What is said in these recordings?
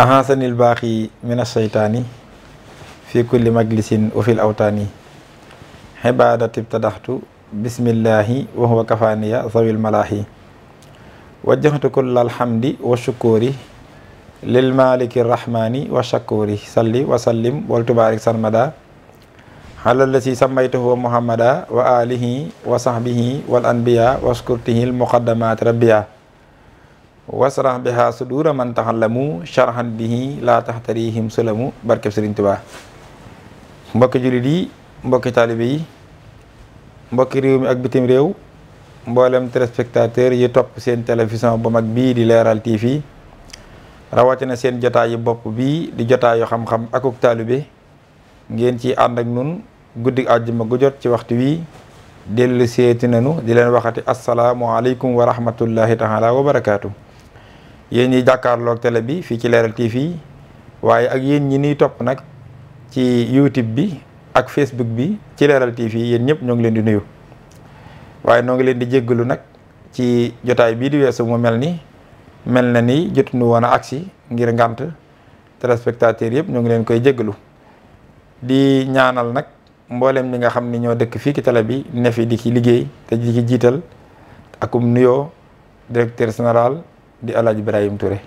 ahansanil baaxi min asseytaani fi kulli majlisin wa fil awtaani xibaadati btadaxtu bismillahi wa huwa kafaaniya zawil malaahi wajjahtu kulla alhamdi wa shukuri lil maliki rahmani wa shakuri salli wa sallim wal tubaarik sarmada ala allati sammaytuhu muhammada wa alihi wa sahbihi wal anbiya waskurtihi l muqaddamat rabbiya wasrah biha sudura man taxallamu sharhan bihi laa taxtarihim sulamu barkeb Sëriñ Tuubaa mbokki jullit yi mbokki taalibe yi mbokki réew mi ak bitim réew mboolem téléspectateur yi topp seen télévision bu mag bii di leeral TV rawatina seen jotaayu bopp bii di jotaayu xam-xam akuk taalibe ngeen ci ànd ak nun guddi àjjuma gu jot ci waxtu wi dellu seeti nanu di leen waxati asalaamualeykum wa rahmatullahi taala wa barakaatu. yéen ñi jàkkaarloog tele bi fii ci leeral TV waaye ak yéen ñi niy topp nag ci YouTube bi ak Facebook bi ci leeral TV yéen ñëpp ñoo ngi leen di nuyu. waaye noo ngi leen di jéggalu nag ci jotaay bii di weesu mu mel ni mel na ni jotuñu woon a agsi ngir ngànt téléspectateurs yëpp ñoo ngi leen koy jéggalu di ñaanal nag mboolem ñi nga xam ni ñoo dëkk fii ci tele bi ne di ci liggéey te di ci jiital akum nuyoo directeur sénéral di El Hadj Ibrahima Touré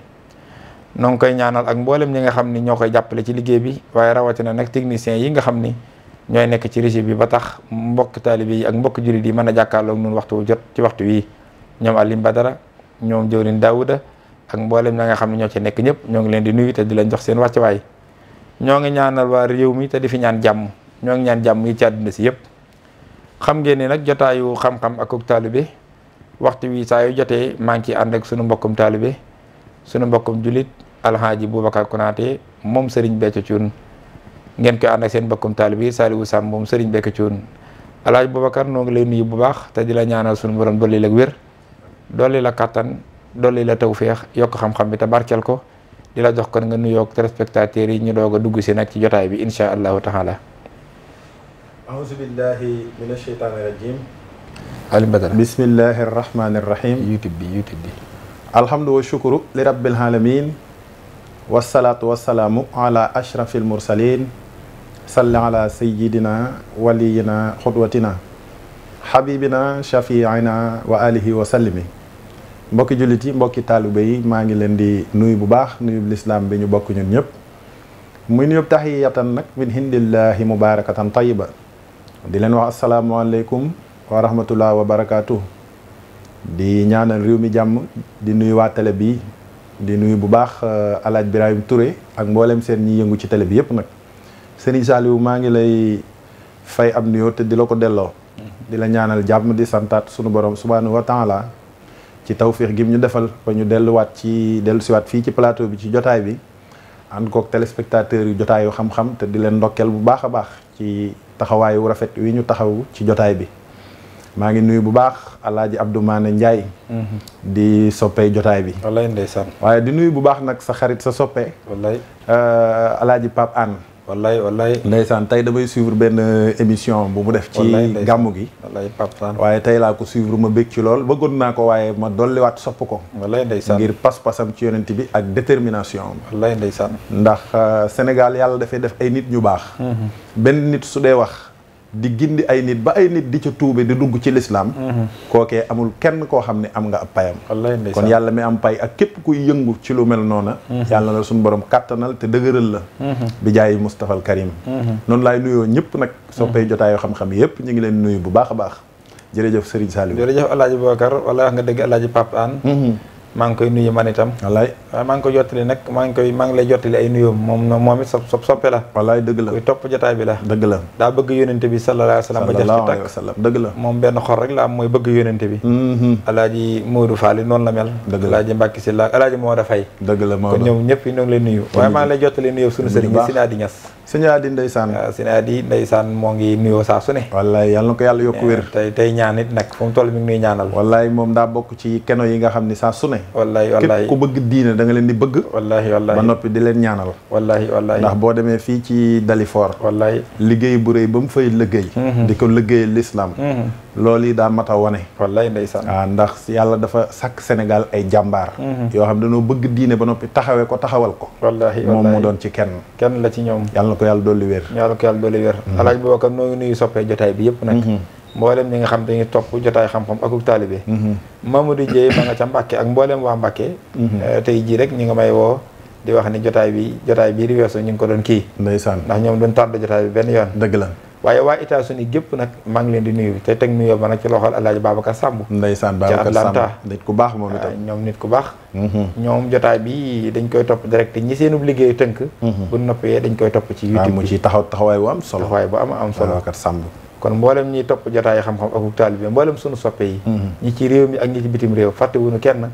noo ngi koy ñaanal ak mboolem ñi nga xam ni ñoo koy jàppale ci liggéey bi waaye rawatina nag techniciens yi nga xam ni. ñooy nekk ci régime bi ba tax mbokk taalibe yi ak mbokk jullit yi mën a jàkkaarloog ñun waxtu wu jot ci waxtu wii ñoom Alioune Badara ñoom jëwriñ Daouda ak mboolem ña nga xam ne ñoo ci nekk ñëpp ñoo ngi leen di nuyu te di leen jox seen waay ñoo ngi ñaanal waa réew mi te di fi ñaan jàmm ñoo ngi ñaan jàmm yi ci àdduna si yëpp xam ngeen ni nag jotaayu xam-xam ak ak taalibe waxtu wi saa yu jotee maa ngi ciy ànd ak sunu mbokkum taalibe sunu mbokkum jullit Alhaaji Boubacar Konaté moom Serigne Béthio Thioune ngeen koy ànd ak seen mbokkum taalib yi Saliou Samb moom Serigne Béthio Thioune alaaj Boubacar noo ngi lay nuyu bu baax te di ñaana sunu suñu borom dolli la wér dolli la kattan dolli la tawféex yokk xam-xam bi te barkeel ko di la jox kon nga nuyoo téléspectateurs yi ñu doog a dugg si nag ci jotaay bi incha allah taala. auzu billahi mina shaytaani rajim. Alioune Badara bismillahi rahmaani rahim. youtube bi youtube bi. wa shukru li rabbil ala ashrafil mursalin salli ala sayyidina waliyina xudwatina xabibina shafiina wa alihi wa sallimi mbokki jullit yi mbokki taalibe yi maa ngi leen di nuyu bu baax nuyu bu lislaam bi ñu bokk ñun ñëpp muy nuyu taxiyatan nag min hindillahi mubarakatan tayiba di leen wax asalaamualeykum wa rahmatullah wa barakaatu di ñaanal réew mi jàmm di nuyu waa télé bi di nuyu bu baax euh, alaaj Birahim Touré ak mboolem seen ñi yëngu ci tele bi yëpp nag Serigne Saliou maa ngi lay fay ab nuyoo te di la ko delloo. di la ñaanal jàmm di santaat sunu borom subhaanahu wa taala ci tawféex gi ñu defal ba ñu delluwaat ci dellusiwaat fii ci plateau bi ci jotaay bi ànd koog téléspectateur yu jotaayu xam-xam te di leen ndokkeel bu baax a baax ci taxawaayu rafet wi ñu taxaw ci jotaay bi. maa ngi nuyu bu baax alaaji Abdou Maane Ndiaye mhm. di soppee jotaay bi wallaay ndeysaan waaye di nuyu bu baax nag sa xarit sa soppe wallaay euh, alaaji Pape wallaay wallaay ndeysaan tey damay suivre benn euh, émission bu mu def ci gàmmu gi wallaay Pape waaye tey laa ko suivre ma bég ci lool bëggoon naa ko waaye ma dolliwaat sopp ko wallaay ndeysaan ngir pas-pasam ci yonent bi ak détermination am wallaay ndeysaan ndax euh, Sénégal yàlla dafay def ay nit ñu baax mm-hmm. benn nit su dee wax di gindi ay nit ba ay nit di ca tuube di dugg ci lislaam mhm. kookee amul kenn koo xam ne am nga ab payam kon yàlla mi am pay ak képp kuy yëngu ci lu mel noona mhm. yàlla la suñu borom kàttanal te dëgëral la mhm. bi jaayi Mustafa al Karim noonu laay nuyoo ñëpp nag soppee jotaayoo xam-xam yëpp ñu ngi leen nuyu bu baax a baax jërëjëf Serigne Saliou maa ngi koy nuyu man itam. wallaay waaw maa ngi koy jottali nag maa ngi koy maa ngi lay jottali ay nuyoom moom moom it sop soppe la. wallaay dëgg la kuy topp jotaay bi la. dëgg la daa bëgg yónente bi sallallahu alayhi wa sallam. ba jeex ci dëgg la. moom benn xor la am mooy bëgg yónente bi. Mm-hmm. alaaji Modou Fall noonu la mel. dëgg la alaaji Mbacke si la alaaji Maodo Faye. dëgg la Maodo kon ñoom ñëpp ñoo ngi lay nuyu. waaye maa ngi lay jottali nuyu sunu sëriñ bi Sinaadi Ñas sëñ Adi ndeysaan waaw sëñ Adi ndeysaan moo ngi nuyoo saa su ne wallaay yal na ko yàlla yokku wér eh, tey tey ñaan it nag fu mu toll mi ngi nuy ñaanal wallaay moom daa bokk ci keno yi nga xam ne saa su ne wallaay wallaay képp ku bëgg diine danga leen di bëgg wallaay wallaay ba noppi di leen ñaanal wallaay wallaay ndax boo demee fii ci Dalifort wallaay liggéey bu rëy ba mu fay liggéey mm-hmm. di ko liggéeyal l'islam mm-hmm. loolu yi daa mat a wane. wallaay ndeysaan waaw ah, ndax yàlla dafa sàkk Sénégal ay jàmbaar. Mhm. yoo xam dañoo bëgg diine ba noppi taxawee ko taxawal ko. wallaahi moom mu doon ci kenn. kenn la ci ñoom. yàlla ko yàlla dolli wér. yàlla na ko yàlla dolli wér. Mhm. alaaj Boubacar noo ngi nuyu soppee jotaay bi yëpp nag. Mhm. mboolem ñi nga xam dañuy topp jotaay xam-xam akuk taalibe. Mamadou Dieye ma nga ca Mbacke ak mboolem waa Mbacke. Eh, tey jii rek ñu ngi may woo. di wax ni jotaay bi jotaay bii di weesu ñu ngi ko doon kii. ndeysaan ndax ñoom doon tàdd jotaay benn yoon dëgg la waaye waa États-Unis gépp nag maa ngi leen di nuyu te teg nuyoo ba nag ci loxol El Hadj Babacar Samb. ndeysaan Babacar nit ku baax moom itam ñoom nit ku baax. Mm-hmm. ñoom jotaay bi dañ koy topp direct ñi seenub liggéey tënk. Mm-hmm. bu noppee dañ koy topp ci YouTube bi mu taxaw taxawaay bu am solo. taxawaay bu am am solo Babacar Samb. kon mboolem ñiy topp jotaay xam-xam ak taalibe mboolem sunu soppe yi. Mm-hmm. ñi ci réew mi ak ñi ci bitim réew fàttewuñu kenn.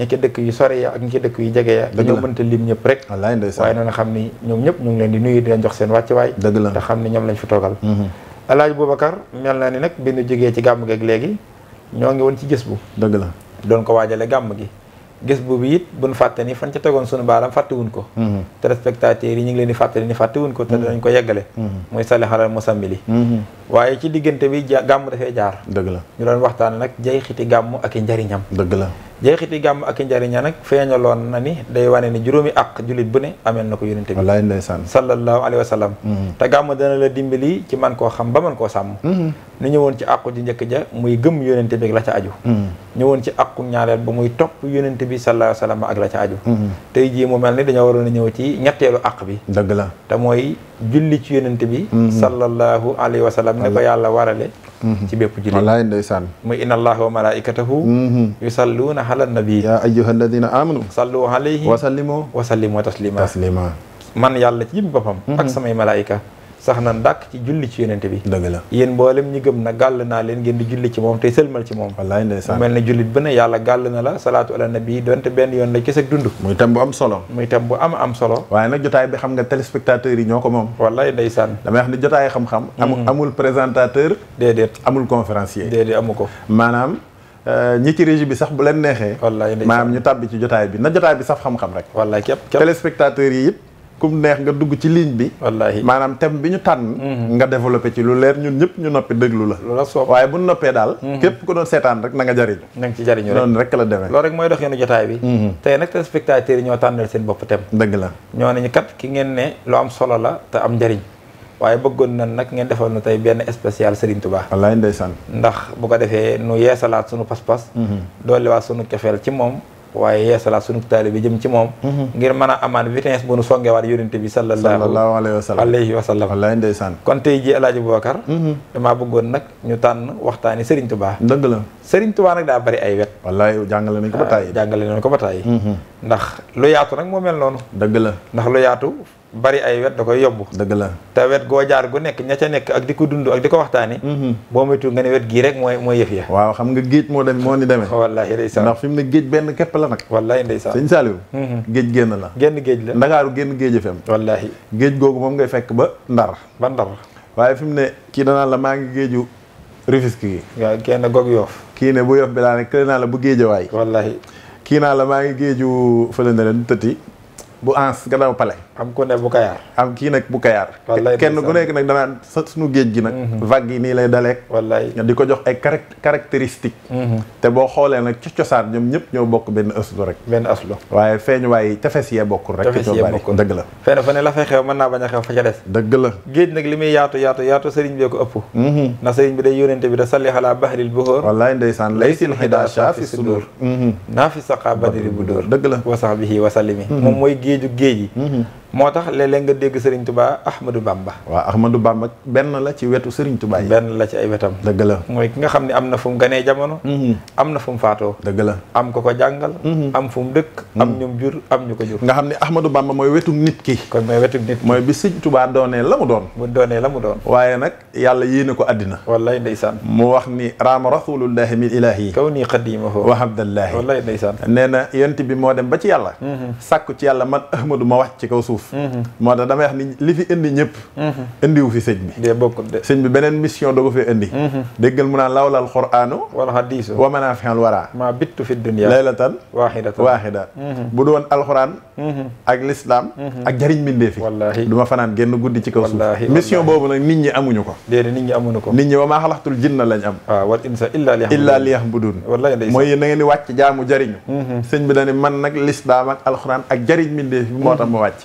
ñi ca dëkk yu sore ya ak ñi ca dëkk yu jege ya dañoo mënta lim ñëpp rek waaye noonu xam ni ñoom ñëpp ñu ngi leen di nuyu di jox seen wàccuwaay te xam ni ñoom lañ fi toogal mm-hmm. alaaj Boubacar mel na ni nag bi nu jógee ci gàmm gi ak léegi ñoo ngi woon ci gis bu dëgg la doon ko waajale gàmm gi gis boobu it buñ fàtte ni fan ca tegoon sunu baaraam fàttewuñ ko mm-hmm. te respectateurs yi ñu ngi leen di fàttali ni fàttewuñ ko te mm-hmm. danañ ko yeggale mooy mm-hmm. sali xalal musammili waaye ci diggante bi gàmm dafay jaar dëgg la ñu doon waxtaan nag jeexiti gàmm ak i njariñam dëgg la jeexiti gàmm ak i njariñam nag feeñaloon na ni day wane ni juróomi ak jullit bu ne ameel na ko yonente bi wallaay ndeysaan sallallahu alayhi wa sallam te gàmm dana la dimbali ci man koo xam ba koo sàmm ni ñëwoon ci àqu ji njëkk ja muy gëm yonente bi ak la ca aju hmm. ñëwoon ci àqu ñaareel ba muy topp yonente bi sallallahu alayhi ak la ca aju hmm. tey jii mu mel ni dañoo waroon a ñëw ci ñetteelu àq bi dëgg la te mooy julli ci yonente bi hmm. sallallahu alayhi wasallam ne ko yàlla warale ci bépp julli wallaay ndeysaan muy inna allaha wa malaikatahu yusalluuna ala nabi ya ayyuha alladina amanu sallu alayhi wa sallimu wa sallimu taslima taslima man yàlla ci jëm boppam ak samay malaayika sax na ndàkk ci julli ci yonente bi dëgg la yéen mboolem ñi gëm na gàll naa leen ngeen di julli ci moom tey sëlmal ci moom wallaay ndeysaan mel ne jullit bu ne yàlla gàll na la salaatu ala nabi donte benn yoon la ci sa dund muy tam bu am solo muy tam bu am am solo waaye nag jotaay bi xam nga téléspectateurs yi ñoo ko moom wallaay ndeysaan damay wax ni jotaay xam mm-hmm. amul présentateur déedéet amul conférencier déedéet amu ko maanaam euh, ñi ci régie bi sax bu leen neexee wallaay maanaam ñu tàbbi ci jotaay bi na jo bi saf xam-xam rek wallaay képp kum neex nga dugg ci ligne bi. wallaahi maanaam thème bi ñu tànn. Mhm. nga développé ci lu leer ñun ñëpp ñu noppi déglu la. loola soob waaye bu noppee daal. Mhm. képp ku doon seetaan rek na nga jariñu. na nga ci jariñu rek noonu rek la demee. loolu rek mooy dox yoonu jotaay bi. Mhm. tey nag te spectateurs yi ñoo tànnal seen bopp thème. dëgg la ñoo ne ñu kat ki ngeen ne lu am solo la te am njariñ waaye bëggoon na nag ngeen defal nu tey benn spécial Serigne Touba. wallaay ndeysaan. ndax bu ko defee nu yeesalaat sunu pas-pas. dolliwaat sunu cofeel ci moom waaye yeesalaat sunu taalibe bi jëm ci moom mhm. ngir mën a amaat vitesse bu nu songewaat yonente bi sallallahu alayhi wa sallam wallaay ndeysaan kon tey ji alaaji Boubacar mhm. damaa bëggoon nag ñu tànn waxtaani Serigne Touba dëgg la Serigne Touba nag daa bari ay wet wallaay jàngale nañ ko ba ah, tàyyi jàngale nañ ko ba tàyyi mhm. ndax lu yaatu nag moo mel noonu dëgg la ndax lu yaatu bari ay wet da koy yobbu dëgg la te wet goo jaar gu nekk ña ca nekk ak di ko dund ak di ko waxtaani mhm. boo moytu nga ne wet gii rek mooy mooy yëf ya waaw xam nga géej moo dem moo ni demee wallaahi ndeysaan ndax fi mu ne géej benn képp la nag wallaahi ndeysaan sëñ Saliou mhm. géej génn la génn géej la ndakaaru génn géej fam wallaahi géej googu moom ngay fekk ba ndar ba ndar waaye fi mu ne kii naa la maa ngi géeju Rufisque yi waaw kenn goog yoof kii ne bu yof bi daa ne kële naa la bu géejawaay wallaahi kii naa la maa ngi géeju fële na leen tëti bu ans ga daw am ku ne bu kayaar am nag bu kayaar kenn ku nekk nag danaan sa suñu géej gi nag mhm. vague yi nii lay daleeg wallaay di ko jox ay caractéristique mhm. te boo xoolee nag ci cosaan ñoom ñëpp ñoo bokk benn aslu rek benn aslu waaye feeñ waaye tefes yee bokkul rek tefes yee bokkul dëgg la fenn fa ne la fay xew mën naa bañ a xew fa ca des dëgg la géej nag li muy yaatu yaatu yaatu sëriñ bee ko ëpp mhm. ndax sëriñ bi day yónente bi da salli xalaa baxril buhóor wallaay ndeysaan lay sin xidaa shaafi sudur naa fi saqa badiri bu dóor dëgg la wa sax bihi wa sallimi moom mooy géeju géej moo tax léeg-léeg nga dégg Serigne Touba Ahmadou Bamba. waaw Ahmadou Bamba benn la ci wetu Serigne Touba yi. benn la ci ay wetam. dëgg la mooy ki nga xam ne am na fu mu ganee jamono. Mhm. am na fu faatoo. dëgg la am ko ko jàngal. Mhm. am fu mu dëkk. am mhm. ñum jur am ñu ko jur. nga xam ne Ahmadou Bamba mooy wetu nit ki. kon mooy wetu nit ki mooy bi Serigne Touba doonee la mu doon. bu doonee la mu doon. waaye nag yàlla yéene ko àddina. wallaay ndeysaan. mu wax ni raama rasulullahi min yi kaw nii xadiima foofu. wa abdallahi wallaay ndeysaan. nee na yent bi moo dem ba ci yàlla. sàkku ci yàlla man Ahmadou moo tax damay wax ni li fi indi ñëpp indiwu fi sëñ bi beneen mission doo ko indi déggal mu naan lawlal qur'aanu wa manaafi'ul waraa maa bittu fi dunya laylatan waahidatan ak lislaam ak jariñ mbindee fi fanaan génn guddi ci kaw suuf mission boobu nag nit ñi amuñu ko nit ñi amuñu ko nit ñi wa am waaw ah, wal insa illaa na ngeen di wàcc jaamu jariñu mm-hmm. sëñ bi dañu man nag lislaam ak alxuraan ak jariñ mbindee fi moo tax ma wàcc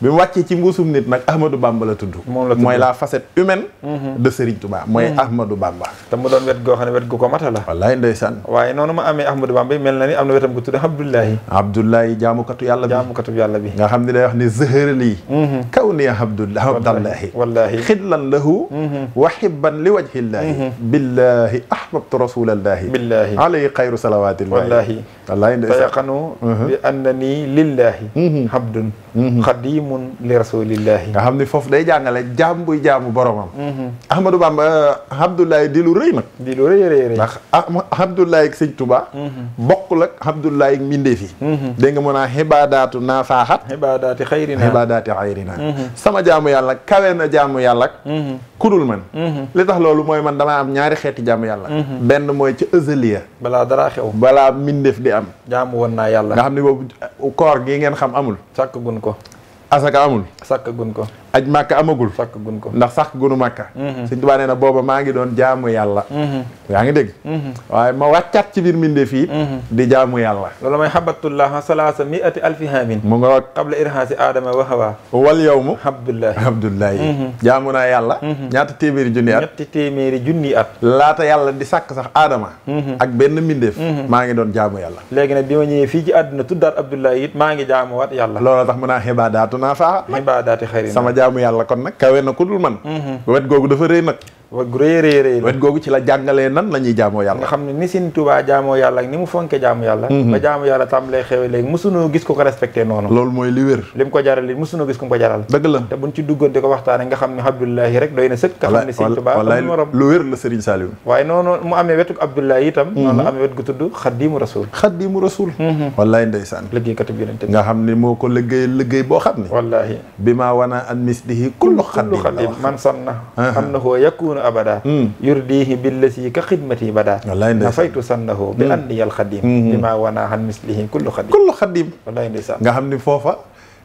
bi mu wàccee ci mbuusum nit nag Ahmadou Bamba la tudd. moom la tudd mooy la facette humaine. Mhm. de Serigne Touba mooy mhm. Ahmadou Bamba. te mu doon wet goo xam ne wet gu ko mata la. wallaay ndeysaan. waaye noonu ma amee Ahmadou Bamba mel na ni am na wetam gu tudd Abdoulaye. Abdoulaye jaamukatu yàlla bi jaamukatu yàlla bi. nga xam ne day wax ne zëhër lii. Mhm. kaw nii Abdoulaye Abdoulaye. wallaahi xidlan lahu. wa xibban li wajhillahi. billahi ahbabtu rasulallahi. billahi alayhi xayru salawaatillahi. wallaahi. wallaay ndeysaan tayaqanu. bi annani lillahi. abdun xadim xadimun li rasulillahi nga xam ni foofu day jàngale jaam buy jaamu boromam mm-hmm. ahmadou bamba abdoulaye di lu rëy nag di lu rëy rëy rëy ndax ah, abdoulaye ak sëñ tuba mm-hmm. bokkul ak abdoulaye ak mbindeef yi mm-hmm. dégg nga mun naa xibaadaatu naa faaxat xibaadaati xayrina xibaadaati xayrina sama jaamu yàlla kawe na jaamu yàlla ak kudul man li tax loolu mooy man damaa am ñaari xeeti jaamu yàlla benn mooy ca ësaliya balaa dara xew balaa mbindeef di am jaamu woon naa yàlla nga xam ni boobu koor gi ngeen xam amul sàkk gun ko asaka amul sàkk gun ko aj màkka amagul sàkk gun ko ndax sàkk gunu màkka mhm. sëñ Tuubaa nee booba maa ngi doon jaamu yàlla mhm. yaa ngi dégg mhm. waaye ma wàccaat ci biir mbindeef yi di jaamu yàlla loolu mooy habatullah salaasa wa hawa wal yawmu abdullahi abdullahi jaamu naa yàlla ñaata téeméeri junni at ñetti ak benn mbindeef maa ngi doon jaamu tax mun naa xibaadaatun naa faaxa. sama jaamu yàlla kon nag kawe na ku dul mhm. wet googu dafa rëy gu rëy rëy rëy wet googu ci la jàngalee nan la ñuy jaamoo yàlla nga xam ni mu fonke jaamu yàlla mhm. ba jaamu yàlla tàmbalee xewe léegi mosunoo gis ko ko respecté noonu loolu mooy li wér li mu ko jaral li mosunoo gis ko mu ko jaral la te buñ ci duggoon di ko waxtaane nga xam ne Abdullahi rek doy na sëkk xam ne sin Tuubaa morom lu wér la Serigne Saliou mhm. mhm. xam ne xam ne wallaahi bi maa abada hmm. yurdihi billasi ka xidmati bada na faytu sannahu bi hmm. anni al xadim hmm. bi ma wana han mislihi kullu xadim kullu xadim wallaay ndeysaan nga xam ni foofa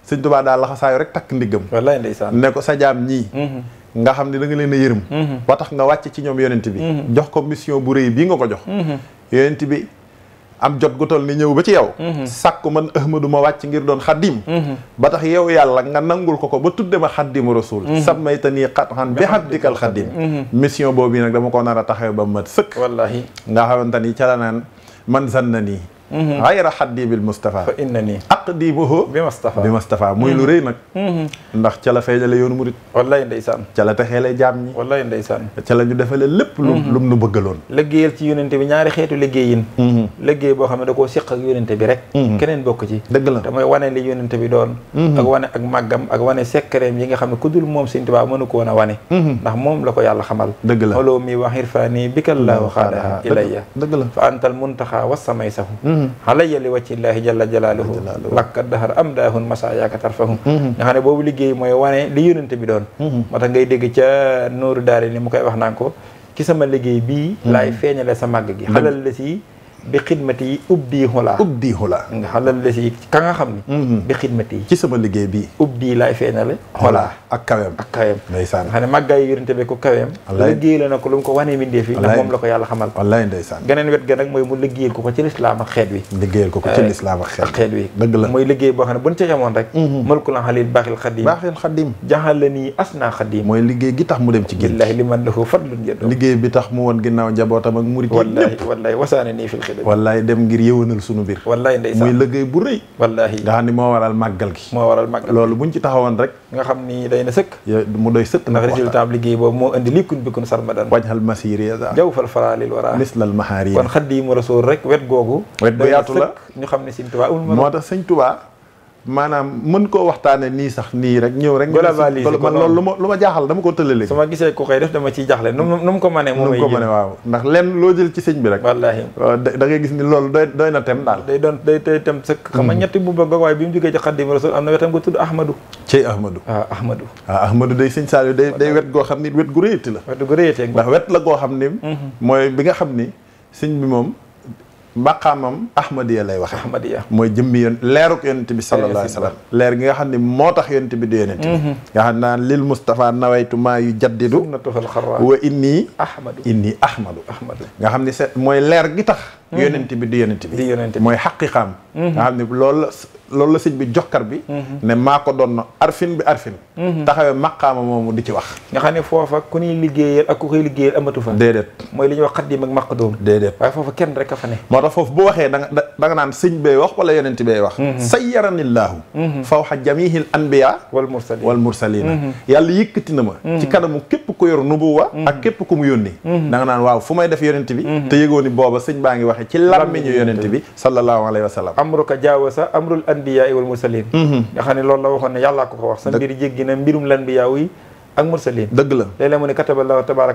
sëñ Tuubaa daal laxasaayu rek takk ndiggam wallaay ne ko sa jaam ñii nga xam ne da nga leen a yërëm ba tax nga wàcc ci ñoom yonent bi jox ko mission bu rëy bii nga ko jox yonent bi am jot gu toll ni ñëw ba ci yow mhm. sàkku man ahmadu ma wàcc ngir doon xaddim mhm. ba tax yow yàlla nga nangul ko ko ba tudde ma xaddimu rasul mhm. sab may ta nii xatxan bi xaddikal xaddim mission boobu nag dama ko nar a taxaw ba mat sëkk wallaahi nga xamante ni ca la naan man san na nii xayra mm-hmm. xaddi bil Moustapha. fa inna nii aqdibuhu bi Moustapha bi Moustapha muy lu mm-hmm. rëy nag. Mm-hmm. ndax ca la feeñale yoonu murit. wallaay ndeysaan. ca la texeele jaam ñi. wallaay ndeysaan. ca la defale lépp. lu lum nu bëggaloon. liggéeyal ci yonente bi ñaari xeetu liggéeyin. liggéey boo xam ne da koo siq ak yonente bi rek. keneen bokk ci. dëgg la te mooy wane li yonente bi doon. ak wane ak màggam wane sekkareem yi nga xam ku dul moom Sëñ Tuubaa mënu ko woon a wane. ndax moom la ko xamal. dëgg la xooloo mi wax irfaani bikallaahu xaadaha fa antal alayya li wàccillaahi jalla jalaaluhu lakkat dahar am daahun masa yaaka tarfahum mhm. nga xam ne boobu liggéey mooy wane li yónente bi doon mhm. moo tax ngay dégg ca nooru daari ni mu koy wax naan ko sama liggéey bii mhm. laay feeñale sa màgg gi xalal la si bi xidmati yi ubdii xulaa ubdii xulaa nga xam lan la si ka nga xam ni mhm. bi xidmati yi ci sama liggéey bii ubdii laay feeñale xolaa ak kaweem ak kaweem ndeysaan nga xam bi ko kaweem liggéey la na ko lu mu ko wanee mindee fi ndax moom la ko yàlla xamal wallaay ndeysaan geneen wet ga nag ko ko ci lislaam ak xeet wi liggéeyal ko ko ci eh, lislaam mooy liggéey boo xam ne buñ ci yemoon rek mhm. mulkulan xalil baaxil xadim baaxil xadim jaxal la nii as naa xadim mooy liggéey gi li man lahu fadlun liggéey bi tax mu woon ginnaaw njabootam ak wallaay dem ngir yëwanal sunu biir wallaay ndeysaan muy liggéey bu rëy wallaay nga xam ni moo waral màggal gi moo waral màggal loolu buñ ci taxawoon rek nga xam ni day na sëkk mu doy sëkk ndax résultat liggéey boobu moo indi likkun bikkun sarmadan wajhal masiri jaw fal faraalil wara mislal mahaari kon xaddi mu rasul rek wet googu wet gu yaatu ñu xam ne sëñ tubaa moo tax sëñ tubaa maanaam mën koo waxtaane nii sax nii rek ñëw rek man loolu lu ma lu ma jaaxal dama ko tëlale su ma gisee ku koy def dama ciy jaaxle nu mu ko mënee moom nu mu ko mënee waaw ndax lenn loo jël ci sëñ bi rek wallaahi da gis ni loolu doy doy na tem daal day doon day tey tem sëkk xam ma hmm. ñetti bu bëgg waaye bi mu jógee ci xaddim rasul am na wetam ko tudd ahmadou cey ahmadou waaw ah, ahmadou waaw ah, ahmadou day sëñ Saliou day day wet goo xam ni wet gu réyati la wet gu wet la goo xam ni hmm, hmm. mooy bi nga xam ni sëñ bi moom maqaamam ahmadiya lay waxe ahmadiya mooy jëmmi yon leeruk yonent bi sallallahu alayhi wa sallam leer gi nga xam ne moo tax yonent bi di yonent bi mm-hmm. nga xam naan lil Mustafa nawaytu maa yu jaddidu wa innii ahmadu innii ahmadu nga xam ne mooy leer gi tax yonent bi di yonent bi. di yonent bi mooy xaqiqaam. Mhm. nga xam ne loolu la loolu la sëñ bi jokkar bi. Mhm. ne maa ko doon arfin bi arfin. Mhm. taxawee maqaama moomu di ci wax. nga xam ne foofa ku ñuy liggéeyal ak ku koy liggéeyal amatu fa. déedéet mooy li ñuy wax xaddiim ak maqdoom. déedéet waaye foofa kenn rek a fa ne. moo tax foofu bu waxee da nga da nga naan sëñ bee wax wala yonent bee wax. sayyaranillaahu. fawxa jamiihil anbiyaa. wal mursaliin wal mursaliin. yàlla yëkkati na ma. ci kanamu képp ku yor nubuwa. ak képp ku mu yónni. da nga naan waaw fu may def yonent bi. te yëgoo ni booba sëñ baa ngi wax waxee ci làmmiñu yonent bi sallallahu alayhi wa sallam amruka jaawasa amrul anbiyaa wal mursalin mhm. nga xam ne loolu la waxoon ne yàllaa ko ko wax sa mbir na mbirum lanbiyaa yi ak mursalin dëgg la léeg-léeg mu ne kataballahu mm-hmm. la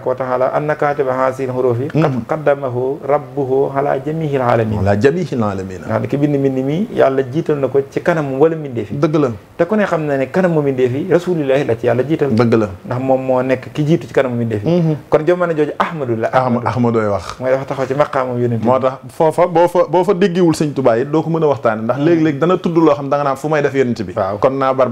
te ku ne xam na ne kanamu mbindeef yi rasulillahi la ci yàlla jiital la ndax moom moo nekk ki jiitu ci kanamu mbindeef yi mm-hmm. kon jom mën a jooju ahmadu la ahmadooy boo fa boo fa déggiwul sëñ a waxtaane ndax mm-hmm. léeg-léeg dana loo xam da nga naan fu may def yonent bi kon naa bar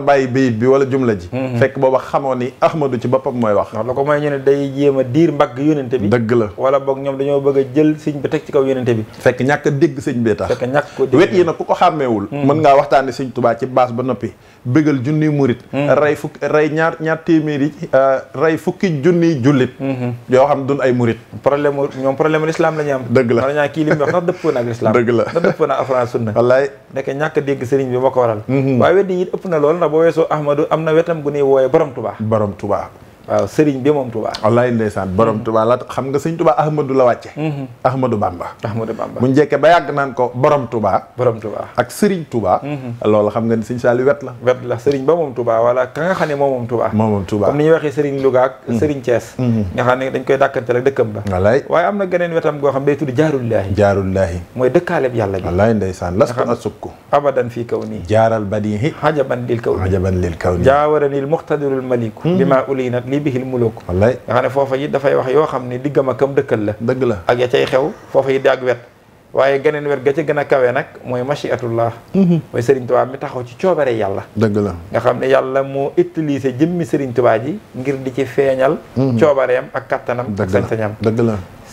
bàyyi bayit bi wala jumla ji fekk booba xam xamoon ni Ahmadou ci boppam mooy wax. la ko mooy ñu ne day jéem a diir mbagg yónente bi. dëgg la wala boog ñoom dañoo bëgg a jël sëñ bi teg ci kaw yónente bi. fekk ñàkk a dégg sëñ bee tax. fekk ñàkk ko dégg wet yi nag ku ko xàmmeewul. Hmm. mën ngaa waxtaane sëñ Tuubaa ci baas ba noppi bëggal junni murit mm-hmm. rey fukk rey ñaar ñaar téeméeri euh, rey fukki junniy jullit mm-hmm. yoo xam duñ ay murit problème ñoom problème l'islam la ñu am dëgg la ñaa kii li mu wax ndax dëppoo na ak l'islam dëgg la ndax dëppoo na ak alxuraan sunna wallaay nekk ñàkk dégg sëriñ bi moo ko waral mm-hmm. waaye weddi it ëpp na lool ndax boo weesoo ahmadou am na wetam gu nuy wooyee borom tubaa borom tubaa waaw sëriñ bi moom Touba. wallaay ndeysaan borom Touba la xam nga sëñ Touba Ahmadou la wàcce. Mm-hmm. Ahmadou Bamba. Ahmadou Bamba bu njëkkee ba yàgg naan ko borom Touba. borom Touba ak sëriñ Touba. Mm-hmm. loolu xam nga sëñ Saliou wet la. wet la sëriñ ba moom Touba wala ka nga xam ne moom moom Touba. moom moom Touba comme ni ñuy waxee sëriñ Louga ak mm-hmm. sëriñ Thiès. nga xam ne dañ koy dàkkanteel ak dëkkam ba. wallaay waaye am na geneen wetam goo xam day tudd jaarullaahi. jaarullaahi mooy dëkkaaleeb yàlla bi. wallaay ndeysaan li bihil muluk wallaay nga xam ne foofa yi dafay wax yoo xam ne diggam ak kam dëkkal la dëgg la ak ya cay xew foofa yi di ak wet waaye geneen wet ga ca gën a kawe nag mooy machiatullah mhm. mooy Serigne Touba mi taxaw ci coobare yàlla dëgg la nga xam ne yàlla moo utilisé jëmmi sëriñ Touba ji ngir di ci feeñal mhm. coobareem ak kattanam ak sañ-sañam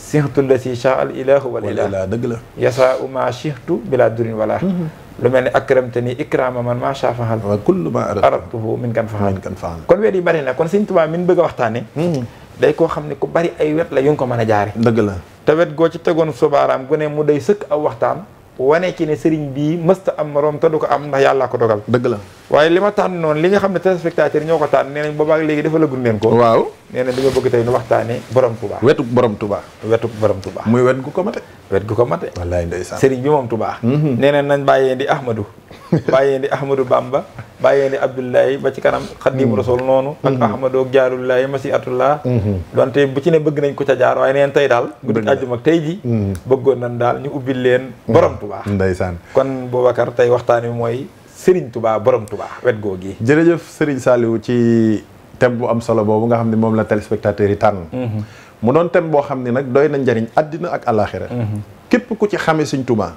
sixtu la si cha al ilahu wal ilah dëgg la yasa uma chixtu bila durin wala mhm. lu mel ni akramte ni ikrama man maa sha fahal wa kullu ma arabtuhu min kan fahal kon wet yi bari na kon Sëñ Tuubaa min bëgg a mhm. day koo xam ne ku bari ay wet la yu nga ko mën a jaare dëgg la te wet goo ci tegoon subaaraam gu ne mu day sëkk aw waxtaan wane ci ne sëriñ bi mësta am moroom te du ko am ndax yàllaa ko dogal dëgg la waaye li ma tànn noonu li nga xam ne téléspectateur ñoo ko tànn nee nañ boobaak léegi dafa lëgul leen ko waaw nee nañ bëgg tey nu waxtaane borom Touba wetu borom Touba wetu borom Touba muy wet gu ko mate wet gu ko mate wallaay ndeysaan sëriñ bi moom Touba mm-hmm. nee nañ nañ bàyyee di Ahmadou bàyyee di Ahmadou Bamba bàyyee di Abdoulaye ba ci kanam Xadim mm-hmm. Rasul noonu ak mm-hmm. Ahmadou Jaarullaay Masiatullah donte bu ci ne bëgg nañ ko ca jaar waaye neen tey daal guddi àjjuma ak tey ji bëggoon nañ daal ñu ubbil leen borom Touba ndeysaan kon Boubacar tey waxtaane mooy Serigne Touba borom Touba wet goo gi. jërëjëf Serigne Saliou ci thème bu am solo boobu nga xam ne moom la téléspectateur yi tànn. Mhm. mu doon thème boo xam ni nag doy na njariñ àddina ak àllaaxira mhm. képp ku ci xamee sëñ Tuubaa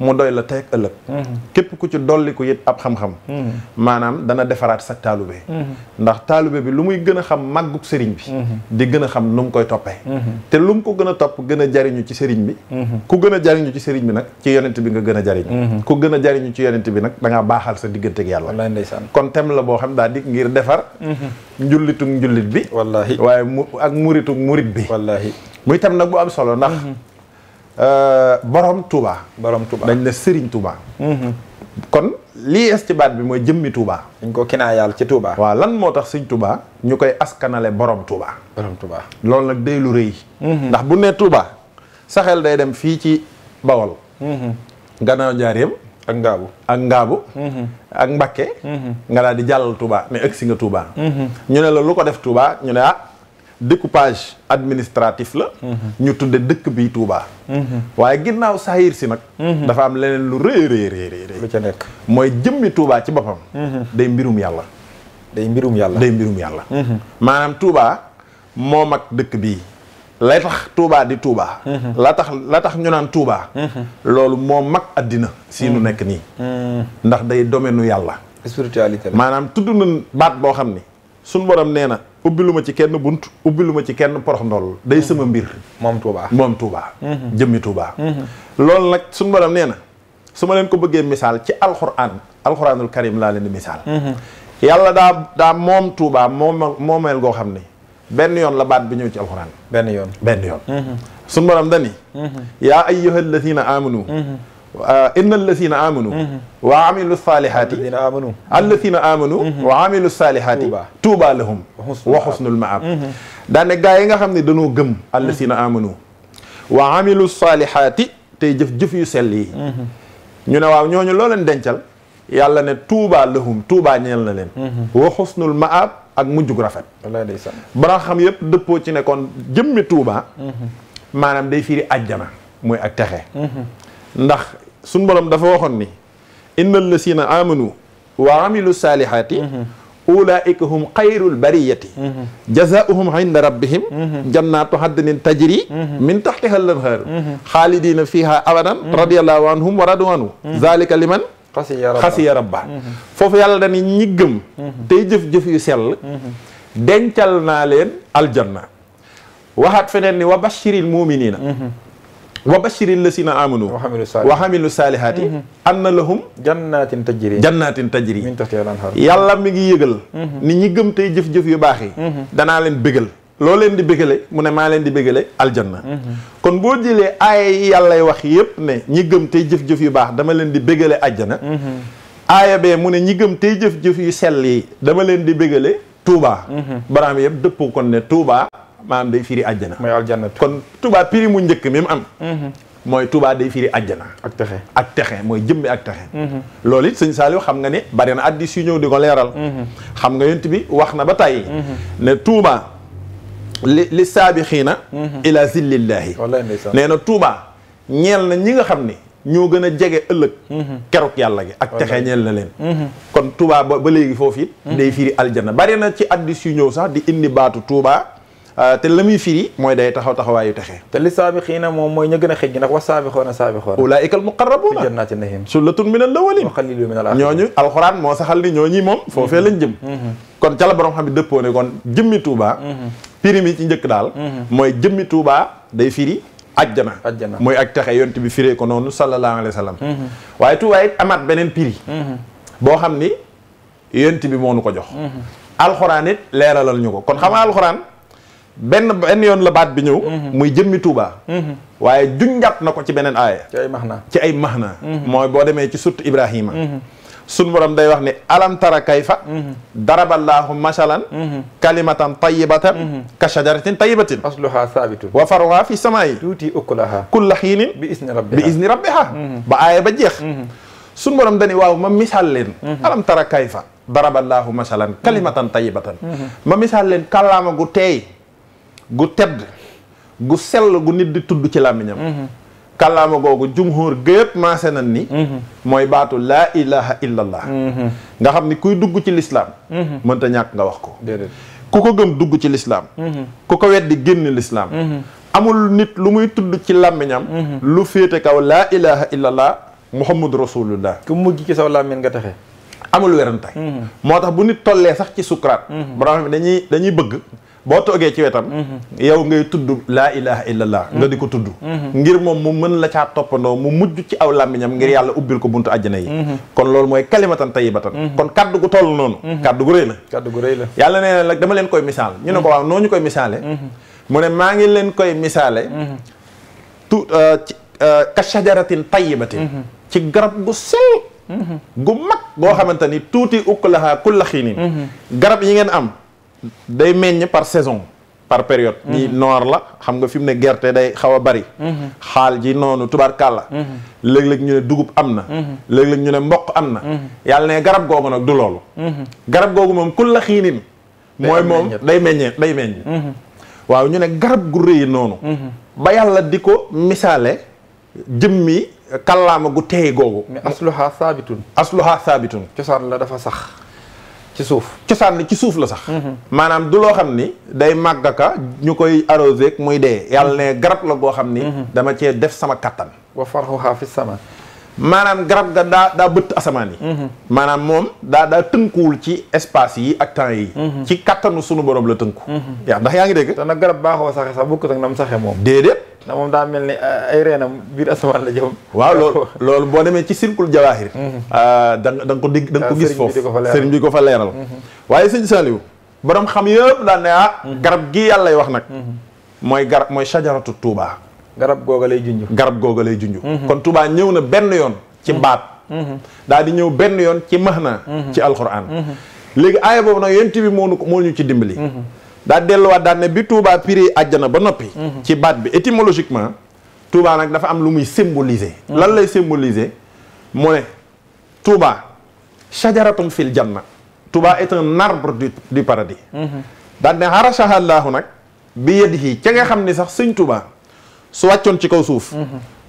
mu doy la tey ak ëllëg képp ku ci dolli ko it ab xam-xam maanaam dana defaraat sa taalube ndax taalube bi lu muy gën a xam màggug sëriñ bi di gën a xam nu mu koy toppee te lu mu ko gën a topp gën a jariñu ci sëriñ bi ku gën a jariñu ci sëriñ bi nag ci yonent bi nga gën a jariñu ku gën a jariñu ci yonent bi nag da ngaa baaxal sa diggante ak yàlla wallaay ndeysaan kon tem la boo xam daa di ngir defar njullituk njullit bi wallaahi waaye mu ak muritug murit bi wallaahi muy tam nag Euh, borom Touba. borom Touba dañ ne Serigne Touba. Mhm. kon li es ci baat bi mooy jëmmi Touba. dañ ko kinaayaal ci Touba. waa lan moo tax sëñ Touba ñu koy askanale borom Touba. borom Touba loolu nag day lu rëy. Mhm. ndax bu ne Touba saxel day dem fii ci Bawol. Mhm. gannaaw njaareem. ak ngaabu ak ngaabu Mbakke. nga daal di jàllal Touba ne ëgg si nga Touba. ñu ne la lu ko def Touba ñu ne ah. découpage administratif la. ñu tudde dëkk bi tuubaa waaye ginnaaw saayir si nag. dafa am leneen lu rëy rëy rëy ca nekk mooy jëmmi Touba ci boppam. Mhm. day mbirum yàlla. day mbirum yàlla day mbirum yàlla. Mhm. maanaam Touba moo mag dëkk bii. lay tax Touba di Touba. Mhm. la tax la tax ñu naan Touba. loolu moo mag addina. si nu nekk nii. ndax day domaine nu yàlla. spiritualité la maanaam tudd na baat boo xam ni. sunu borom nee na. ubbilu ma ci kenn bunt ubbilu ma ci kenn porox ndoll day mhm. sama mbir moom Touba moom Touba mhm. jëmmi Touba mhm. loolu nag suñu borom nee na su ma leen ko bëggee misaal ci alxuraan alxuraanul karim laa leen di misaal yàlla daa daa moom Touba moom moomeel goo xam ne benn yoon la baat bi ñëw ci alxuraan benn yoon benn yoon suñu dani yaa ayyuhal lazina amanu inna allazina amanu wa amilu salihaati allazina amanu wa amilu salihaati tuuba lahum wa xusnul maab daane gaa yi nga xam ne dañoo gëm allazina amanu wa amilu salihaati tey jëf jëf yu sell yi ñu ne waaw ñooñu loo leen dencal yàlla ne tuuba lahum tuuba ñeel na leen wa xusnul maab ak mujjug rafet bara xam yëpp dëppoo ci ne kon jëmmi tuuba maanaam day fiiri ajjana mooy ak texe ndax suñ borom dafa waxoon ni innal lasina amanu wa amilu salihati ulaika hum xayrul bariyati jazaohum inda rabbihim jannatu haddnin tajri min taxtiha lanhaaru xaalidina fiha abadan radiallahu anhum wa radwanu zalika liman xasiya rabba mhm. foofu yàlla dani ñi gëm mhm. tey jëf-jëf yu sell dencal naa leen aljanna waxaat feneen ni wa bashiril muminina mhm. wa bashiril lazina amanu wa hamilu saalihaati mhm. anna lahum jannatin tajri jannatin tajri min tahtiha al-anhar yàlla mi ngi yëgal mhm. ni ñi gëm tey jëf-jëf yu baax yi mhm. danaa leen bégal loo leen di bégale mu ne maa leen di bégale aljanna kon boo jëlee aaya yi yàllay wax yépp ne ñi gëm tey jëf-jëf yu baax dama leen di bégale àjjana aaya bee mu ne ñi gëm tey jëf-jëf yu sell yi dama leen di bégale Touba. baraam yëpp dëppoo kon ne Touba maanaam day firi àjjana. mooy aljannatu kon Touba prix mu njëkk mi mu am. Mhm. mooy Touba day firi àjjana. ak texe ak texe mooy jëmmi ak texe. Mhm. loolu it sëñ xam nga ne bari na addis yu ñëw di ko leeral. Mhm. xam nga yonent bi wax na ba tàyyi. ne Touba li li saabixiina. ila zillillaahi. nee na Touba ñeel na ñi nga xam ni. ñoo gën a jege ëllëg keroog yàlla gi ak texe ñeel na leen kon Touba ba ba léegi foofu it day firi aljana bari na ci addis yu ñëw sax di indi baatu Touba Euh, te la muy firi mooy day taxaw taxawaayu taxe te li saabixiina moom mooy ñu gën a xëj gi ndax wa saabixoona saabixoona ulaaika al muqarrabuuna fi jannaati nahim sullatun min al awwalin wa qalilun min al aaxirin ñooñu alxuraan moo saxal ni ñooñu moom foofee mm-hmm. lañ jëm mm-hmm. kon ca la borom xam ne dëppoo ne kon jëmmi Touba pirim mm-hmm. yi ci njëkk daal mooy jëmmi tuubaa day firi ajjana ajjana mooy ak texe yonent bi firee ko noonu sallallahu alayhi wa sallam waaye Touba it amaat beneen piri boo xam ni yonent bi moo nu ko jox alxuraan it leeralal ñu ko kon xam benn benn yoon la baat bi ñëw. Mhm. muy jëmmi Touba. Mhm. waaye junjaat na ko ci beneen aaya. ci ay maxna ci ay maxna. Mhm. mooy boo demee ci surtu Ibrahima. sun borom day wax ne alam tara kayfa. daraballaahu masalan. kalimatan tayyibatan. ka shajaratin tayyibatin. asluha saabitun. wa faruha fi samaa'i. tuuti ukulaha. kulla xiinin. bi izni rabbiha bi izni rabbiha ba aaya ba jeex. sun borom dañuy waaw ma misaal leen. alam tara kayfa. daraballaahu masalan kalimatan tayyibatan. ma misaal leen kàllaama gu teey. gu tedd gu sell gu nit di tudd ci làmmiñam mhm. kàllaama googu jumhur gépp maase nan ni mhm. mooy baatu laa ilaha illallah mhm. nga xam ni kuy dugg ci lislaam mënta ñàkk nga wax ko ku ko gëm dugg ci lislaam ku ko weddi génn lislaam amul nit lu muy tudd ci làmmiñam lu féete kaw laa ilaha illallah muhammadu rasulullah ku mujj ci saw làmmiñ nga taxe amul werante moo tax bu nit tollee sax ci sukuraat borom bi dañuy dañuy bëgg boo toogee ci wetam mhm. yow ngay tudd laa ilaha illallah nga di ko tudd mhm. ngir moom mu mën la caa toppandoo mu mujj ci aw làmmiñam ngir mhm. yàlla ubbil ko buntu àjjana yi kon loolu mooy kalimatan tayyibatan kon kaddu gu toll noonu kaddu gu rëy la kaddu gu la yàlla nee dama leen koy misaal ñu ne ko waaw noo ñu koy misaale mu ne maa ngi leen koy misaale tu euh, euh, ka shajaratin tayyibatin ci garab gu sell gu mag boo xamante ni tuuti ukulaha kulla xiinin garab yi ngeen am day meññ par saison par période mm-hmm. ñi noor la xam nga fi mu ne gerte day xaw a bari mm-hmm. xaal ji noonu tubaarkàlla mm-hmm. léeg-léeg ñu ne dugub am na léeg-léeg ñu ne mboq am na yàlla ne garab googu nag du loolu garab googu moom kul la xiinin mooy moom day meññee day meññ waaw ñu ne garab gu rëy noonu ba yàlla di ko misaale jëmmi kàllaama gu teey googu mais asluha saabitun asluha saabitun cosaan la dafa sax ci suuf cosaan la ci suuf la sax mhm. maanaam du loo xam ni day màgg aka ñu koy arrosé muy dee yàlla ne garab la goo xam ni mhm. dama cee def sama kattan wa farxuha fi sama maanaam garab ga daa daa bëtt asamaan yi mhm. maanaam moom daa daa tënkuwul ci espace yi ak temps yi mhm. ci kattanu sunu borom la tënku mhm. yaa ndax yaa ngi dégg te nag garab baaxoo saxe sax bokkut ak nam saxe moom déedéet ndax moom daa mel ni eh, ay reenam biir asamaan la jëm waaw loolu loolu boo demee ci circule jawahir ah, da da ko dégg da nga ko ah, gis foofu sëriñ bi ko fa leeral waaye sëñ Saliou borom xam yëpp daan ne ah garab gi yàllay wax nag mooy garab mooy sajaratu Touba garab googa lay junj. garab googa lay junj. Mhm. kon Touba ñëw na benn yoon. ci mhm. baat. Mhm. daal di ñëw benn yoon ci mahna ci alxuraan. léegi aaya boobu nag yonent bi moo moo ñu ci dimbali. daa delluwaat daan ne bi Touba piri àjjana ba noppi. ci baat bi étymologiquement. Touba nag dafa am lu muy symboliser. lan lay symboliser mu ne Touba shajaratum fil janna. Touba est un du du paradis. daan ne harashaha Allahu nag bi yadihi ca nga xam ni sax sëñ Touba. su wàccoon ci kaw suuf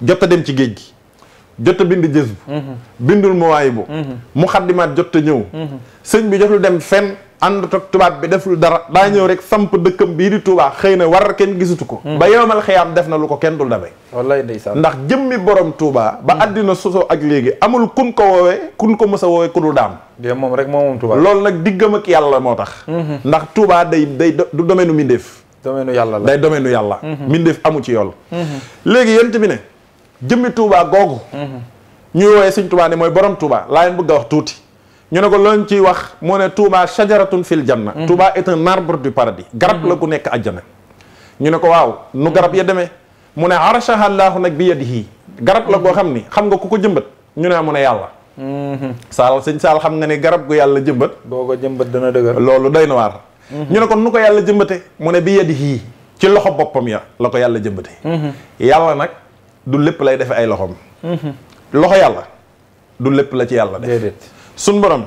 jot a dem ci géej gi jot a bind jës bu bindul mu bu mu xaddimaat jot a ñëw sëñ bi jotul dem fenn ànd toog tubaab bi deful dara daa ñëw rek samp dëkkam bii di tubaa xëy na war kenn gisutu ko hmm. ba yowmal xiyaam def na lu ko kenn dul dabe wallaay ndeysaan ndax jëmmi borom Touba ba hmm. àddina sosoo ak léegi amul kun ko ko mës a woowee ku dul daam de moom rek moom moom Touba loolu nag diggam ak yàlla moo tax hmm. ndax Touba day day du domaine u mbindéef domaine yàlla la day domaine yàlla. Mhm. mbindeef amu ci yool. Mhm. léegi yent bi ne jëmmi Touba googu. Mhm. ñuy woowee Sëñ Touba ne mooy borom Touba laa leen bëgg a wax tuuti. ñu ne ko loñ ciy wax moo ne Touba shajaratun fil janna. Touba est un arbre paradis. garab la ku nekk àjjana. ñu ne ko waaw nu garab ya demee mu ne arshaha Allahu nag bi yadihi garab la goo xam ni xam nga ku ko jëmbat ñu ne mu ne yàlla. saal sëñ saal xam nga ne garab gu yàlla jëmbat. loolu doy na Mm-hmm. ñu ne kon nu ko yàlla jëmbate mu ne bi yadihi ci loxo boppam ya la ko yàlla jëmbate mm-hmm. yàlla nag du lépp lay defe ay loxoom mm-hmm. loxo yàlla du lépp la ci yàlla def suñ borom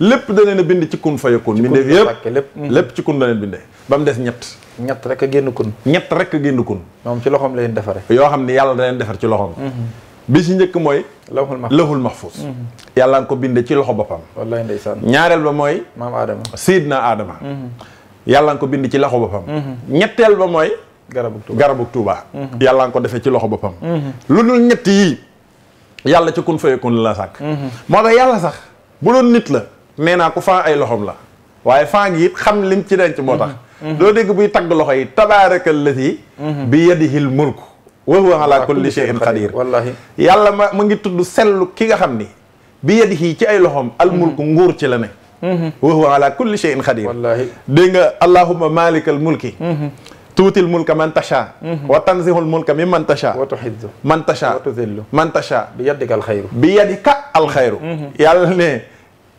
lépp da leen a bind ci kun fayakun mbindeef yëpp lépp ci kun da binde ba mu des ñett ñett rek a génn kun ñett rek a génn kun moom ci loxoom la leen defaree yoo xam ne yàlla da defar ci loxoom bi si njëkk mooy. lawhul mahfuz yàlla nga ko bindee ci loxo boppam. wallaay ndeysaan ñaareel ba mooy. maam mhm. Adama Seydina Adama. yàlla nga ko bind ci loxo boppam. Mhm. Mhm. ñetteel ba mooy. garabug Touba garabug Touba. yàlla nga ko defee ci loxo boppam. lu dul ñett yii yàlla ci kun fayakun la sàkk. moo tax yàlla sax bu doon nit la nee naa ko fan ay loxom la waaye fan gi it xam lim ci denc moo tax. doo dégg buy tagg loxo yi tabaarakal lazi bi yadihil mulku wa huwa ala kulli shay'in qadir wallahi ma mu ngi tudd sellu ki nga xam ni bi yadihi ci ay loxoom almulku mhm. nguur ci la ne mhm. wa huwa ala kulli shay'in qadir wallahi dégg nga allahumma malikal mulki mhm. man tasha wa tanzihul mulka mi man tasha wa man tasha wa tuzillu man bi yadika ka bi yadika alxayru yàlla ne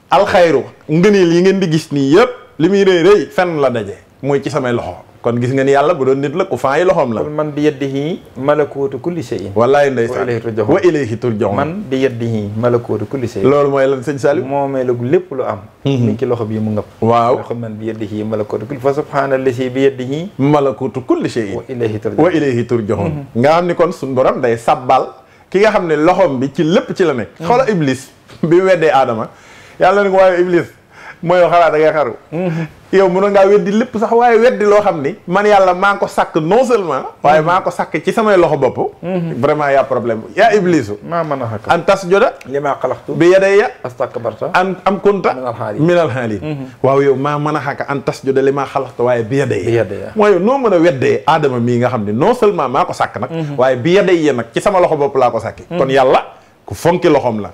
alxayru ngëneel yi di gis nii yëpp li muy rëy rëy la daje mooy ci samay loxo kon gis nga ni yàlla bu doon nit la ku fan yi loxoom la kon man bi yadihi malakuutu kulli shay'in wallaay ndeysaan wa ilayhi turja'un man bi kulli shay'in loolu mooy lan sëñ Saliou moomee la lépp lu mhm. man bi yadihi malakuutu kulli fa subhanallahi wa ilayhi turja'un wa ilayhi mhm. nga xam ni kon suñu borom day sabbal ki nga xam ne loxoom bi ci lépp ci la nekk mhm. xoola iblis bi mu weddee aadama yàlla ne ko waaye iblis mooy yow xalaat da ngay xaru mm-hmm. yow mënoon ngaa weddi lépp sax waaye weddi loo xam ni man yàlla maa ko sàkk non seulement waaye mm-hmm. maa ko sàkk ci samay loxo bopp mm-hmm. vraiment yaa problème yaa iblisu a an tas joda li maa xalaxtu bi yaday ya astakbarta an am kunta minal xaalin waaw yow an tas joda li maa noo mën a weddee aadama mii nga xam ne non seulement maa ko sàkk nag waaye bi yaday ya nag ci sama loxo bopp laa ko sàkki kon yàlla ku fonki loxoom la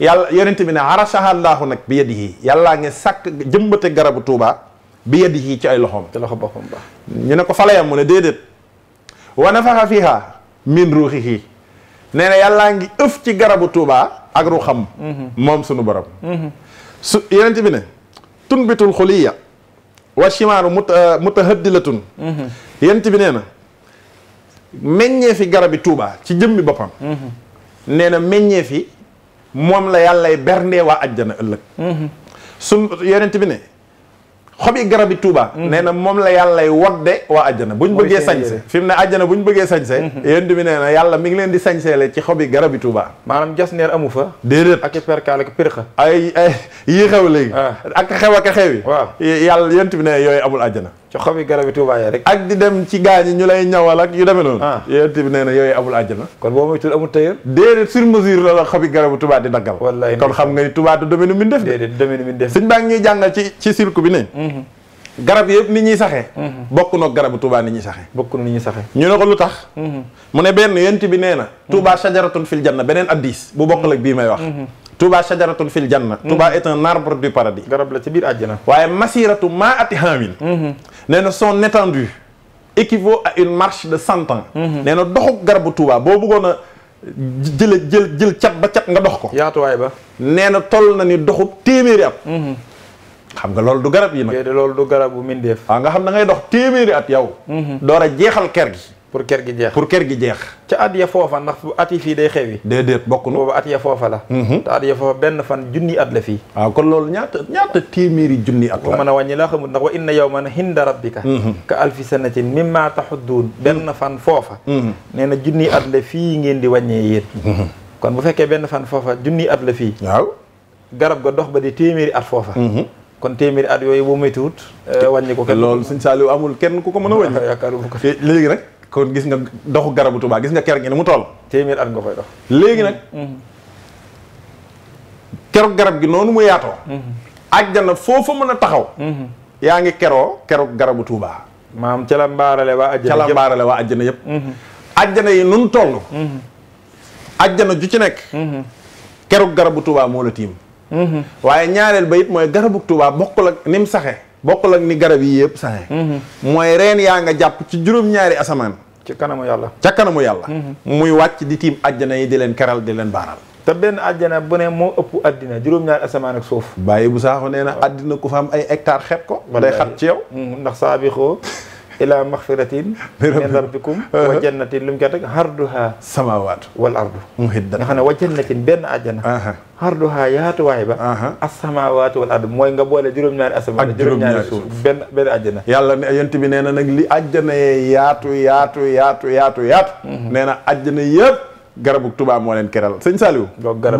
yàlla yonent bi ne arasaha allaahu nag bi yadihi yàllaa ngi sàkk jëmbate garabu Touba bi yadihi ci ay loxoom ci loxo boppam ba ñu ne ko fa la yam mu ne déedéet wa nafaxa fiha min ruuxihi nee na yàllaa ngi ëf ci garabu Touba ak ruuxam moom sunu borom su yonent bi ne tunbitul xuliya wa chimaaru mut euh, mutahaddilatun yonent bi nee na meññee fi garabi Touba ci jëmmi boppam nee na meññeef yi moom la yàllay berndee waa ajjana ëllëg. Mhm. sun yonent bi ne. xobi garabi Touba. Mm-hmm. nee na moom la yàlla yàllay wodde waa àjjana buñ bëggee sañse fi mu ne àjjana buñ bëggee sañse mm-hmm. yéen bi na yàlla mi ngi leen di sañseele ci xobi garabi Touba. maanaam jas neer amu fa déedéet ak perkaal ak pirxa ay ay yii xew léegi ah. ak xew ak xew yi waaw yàlla yéen yooyu amul àjjana ci xobi garabi Touba rek ak di dem ci gaañi ñu lay ñawal ak yu demee noonu ah. yéen bi nee na yooyu amul kon boo moytul amul tëyër déedéet sur mesure la la xobi garabi Touba di daggal wallaay kon xam nga ni Touba du domaine min def déedéet domaine baa ngi jàngal ci ci bi ne mm. garab yëpp ni ñuy mhm. saxee. bokk na garabu Touba ni ñuy saxee. bokk na ni ñuy ñu ne ko lu tax. Mhm. mu ne benn yent bi nee na. Mhm. Touba shajaratun fil janna beneen addis bu bokkul ak bii may wax. Touba shajaratun fil janna. Touba est un arbre du paradis. garab la ci biir àjjana. waaye masiratu maa ati haamin. nee na son étendue équivaut à une marche de cent ans. nee na doxu garabu Touba boo bëggoon a jël jël jël cat ba cat nga dox ko. yaatuwaay ba. toll na ni doxu téeméeri at. xam nga loolu du garab yi nag. déedéet loolu du garab bu mindeef. ah nga xam da ngay dox téeméeri at yow. Mhm. door a jeexal ker gi. pour ker gi jeex pour ker gi jeex. ca at ya foofa ndax at yi fii day xewi. déedéet bokk na boobu at ya foofa la. Mhm. te at ya benn fan junni at la fii. Ah, kon loolu ñaata téeméeri junni at la. mën a wàññi laa bi ka wa inna yawman hinda rabbika. Mhm. ka tax sanatin mimma taxudduun benn fan foofa. nee na junni at la fii ngeen di wàññee yéen. kon bu fekkee benn fan foofa junni at la fii. garab ga dox ba di téeméeri at foofa. kon téeméeri at yooyu boo moytuwut euh, wàññi ko loolu suñ saaliw amul kenn ku ko mën a wàññi yaakaaruma ko léegi nag kon gis nga doxu garabu Tuubaa gis nga ker gi ni mu toll téeméeri at nga koy dox léegi nag mm-hmm. keroog garab gi noonu mu yaatoo mm-hmm. àjjana foofu mën a taxaw mm-hmm. yaa ngi keroo keroog garabu Tuubaa maam ca la mbaarale waa àjjana ca la mbaarale waa yi nun toll àjjana ju ci nekk keroog garabu Tuubaa moo la tiim Mm-hmm. waaye ñaareel ba it mooy garabu tubaab bokkul ak ni mu saxee bokkul ak ni garab yii yëpp saxee mm-hmm. mooy reen yaa nga jàpp ci juróom-ñaari asamaan ci kanamu yàlla ca kanamu yàlla mm-hmm. muy wàcc di tiim àjjana yi di leen keral di leen baaral te benn àjjana bu ne moo ëpp addina juróom-ñaari asamaan ak suuf bàyyi bu saaxu nee na àddina ku fa am ay hectare xet ko day xat ci yow ndax saa bi ila maxfiratin min rabbikum uh-huh. wa jannatin lu mu ko teg harduha samawaatu wal ardu muhiddat nga xam ne wa jannatin benn àjjana uh-huh. harduha yaatuwaay ba uh-huh. asamawaatu wal ardu mooy nga boole juróom-ñaari asamaan ak juróom-ñaari suuf benn benn àjjana yàlla yent bi nee na nag li àjjana yee yaatu yaatu yaatu yaatu yaatu mm-hmm. nee na àjjana yëpp garabu tubaa moo leen keral sëñ Saliou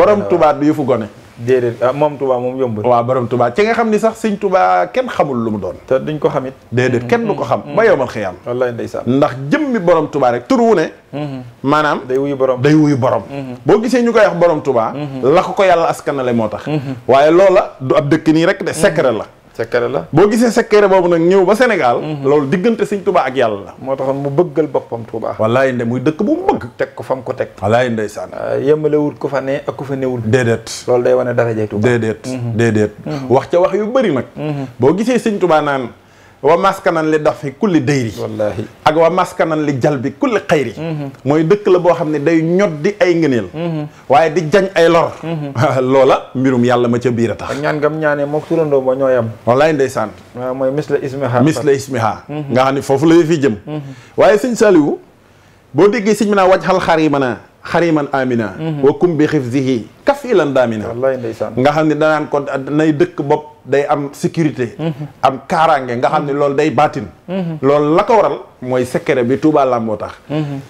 borom tubaa bi yëfu gone déedéet ah moom Touba moom yombul. waaw borom tubaa ci nga xam ni sax suñ tubaa kenn xamul lu mu doon. te duñ ko xamit déedéet kenn du ko xam. Mm-hmm. ba yombal xëyam. wallaay ndeysaan ndax jëmmi borom tubaa rek tur wu ne. Mm-hmm. maanaam day wuyu borom day wuyu borom. Mm-hmm. boo gisee ñu koy wax borom tubaa la ko ko yàlla le moo tax. waaye loola du ab dëkk nii rek de secret la. sekkere la boo gisee sekkere boobu nag ñëw ba Sénégal mhm. loolu diggante sëñ Touba ak yàlla la moo taxoon mu bëggal boppam Touba wallaay nde muy dëkk bu mu bëgg teg ko fam ko teg wallaay ndeysaan ah, yëmalewut ku fa ne ak ku fa newul déedéet loolu day wane darajay Touba déedéet mhm. déedéet mhm. wax ca wax yu bëri nag boo gisee sëñ Touba naan wa maskanan li dafi kulli dayri wallaahi ak wa maskanan li jalbi kulli xayri mhm. mooy dëkk la boo xam ne day ñod di ay ngëneel mhm. waaye di jañ ay lor mhm. loola mbirum yàlla ma ca biir a tax ak ñaan gam ñaanee mook turandoo ba ñoo yem wallaay ndeysaan waaw mooy ismiha nga xam ne foofu la fi jëm waaye sëñ Saliou boo déggee sëñ bi naa waj xal xar yi mën xariman amina mhm. wa kum bi xifzihi kaf ilan daamina nga xam ne danaan ko nay dëkk bopp day am sécurité mhm. am kaaraange nga xam ne mhm. loolu day baatin loolu la ko waral mooy secret bi Touba làmboo tax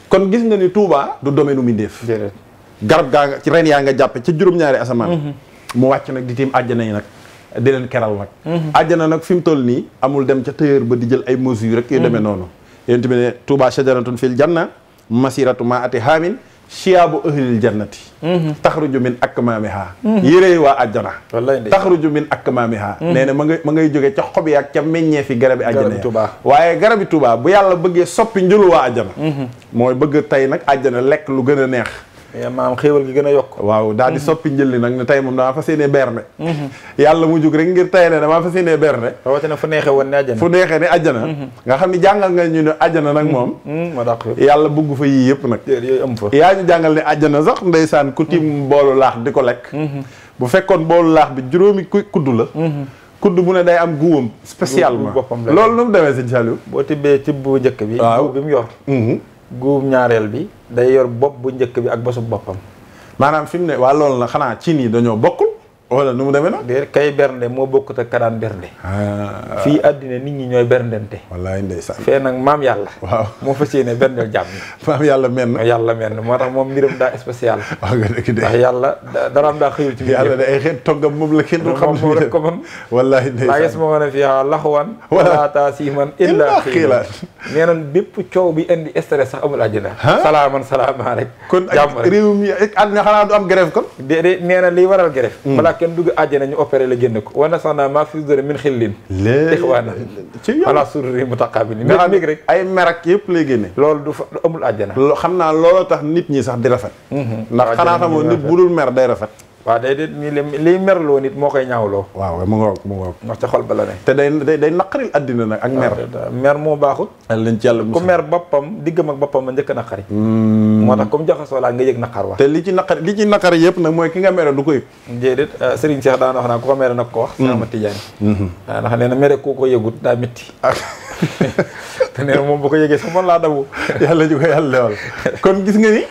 kon gis nga ni Touba du domaine u mbindéef garab gaa nga ci ren yaa nga jàppe ci juróom-ñaari asamaan mu wàcc nag di tiim àjjana yi nag di leen keral nag àjjana nag fi mu toll nii amul dem ca tëyër ba di jël ay mesures rek yu demee noonu yéen ne Touba shajaratun siyaabu ahlil jannati mm-hmm. taxruju min akmaamiha mm-hmm. yérey waa àjjana taxruju min akmaamiha mm-hmm. nee na ma nga ma ngay jóge ca xob yaak ca meññeefi garabi àjjana ya waaye garabi Tuubaa bu yàlla bëggee soppi njulu waa àjjana mooy bëgg tey nag àjjana lekk lu gën neex Eh, maam xéewal gi gën a yokk waaw daal di mhm. soppi njëlli nag ne tey moom damaa fas yéenee berne mhm. yàlla mu jug rek ngir tey ne damaa fas yéenee berne rawatina fu neexee woon ne ajjana fu neexee ne ajjana mhm. nga xam ne jàngal nga ñu ne ajjana nag moom ma dàq yàlla bugg fa yii yëpp nag yooyu am fa yaa ñu jàngal ne ajjana sax ndeysaan ku tiim boolu laax di ko lekk bu fekkoon boolu laax bi juróomi kudd la kudd bu ne day am guwam spécialement loolu nu mu demee sëñ Saliou boo tibbee tibb bu njëkk bi waaw bi mu yor guub ñaareel bi day yor bopp bu njëkk bi ak bosu boppam. maanaam fi mu ne waa loolu na xanaa cin yi dañoo bokkul. wala nu mu demee noonu. kay bernde moo bokkut ak kadaan bernde. Ah. fii àddina nit ñi ñooy berndente. wallaay ndeysaan fee nag maam yàlla. waaw moo fas yéene berndeel jàmm. maam yàlla men na yàlla men na moo tax moom mbiram daa spécial. waaw nga dëgg de. ndax yàlla daraam daa xëyul ci biir yàlla da ay xeet la kenn du xam. moom rek ko mën wallaay ndeysaan laa ma ne fii ah, laxwan. bépp coow bi indi stress sax amul àjjana. salaaman salaamaa rek. jàmm rek kon ak réew mi àddina xanaa du am grève kon. déedéet nee na liy waral grève hmm. kenn dugg àjjana ñu opéré la génn ko wa nasanaa maa fi sudurihim min xillin ixwaana alaa sururin mutaqaabiliin mais amig rek ay merak yëpp lay génne loolu du amul àjjana xam naa looloo tax nit ñi sax di rafet mhm. ndax xanaa xamoo nit bu dul mer day rafet waaw day day liy merloo nit moo koy ñaawloo. waaw mu ngoog mu ngoog. ndax ca xol ba la ne. te day day day naqaril addina nag ak mer. mer moo baaxut. lañ ci yàlla ku mer boppam diggam ak boppam ma njëkk a naqari. Hmm. moo tax jaxasoo laa nga yëg naqar wax. te li ci naqari li ci naqari yëpp nag mooy ki nga mere du ko yëg. déedéet euh, wax naa ku ko mere nag ko wax. Cheikh Ahmad Tidiane. waaw hmm. ah, ndax nee na mere ku ko yëgut daa métti. Ah. te nee na moom bu ko yëgee sax man laa dabu. yàlla ju ko yàlla lewal kon gis nga ni.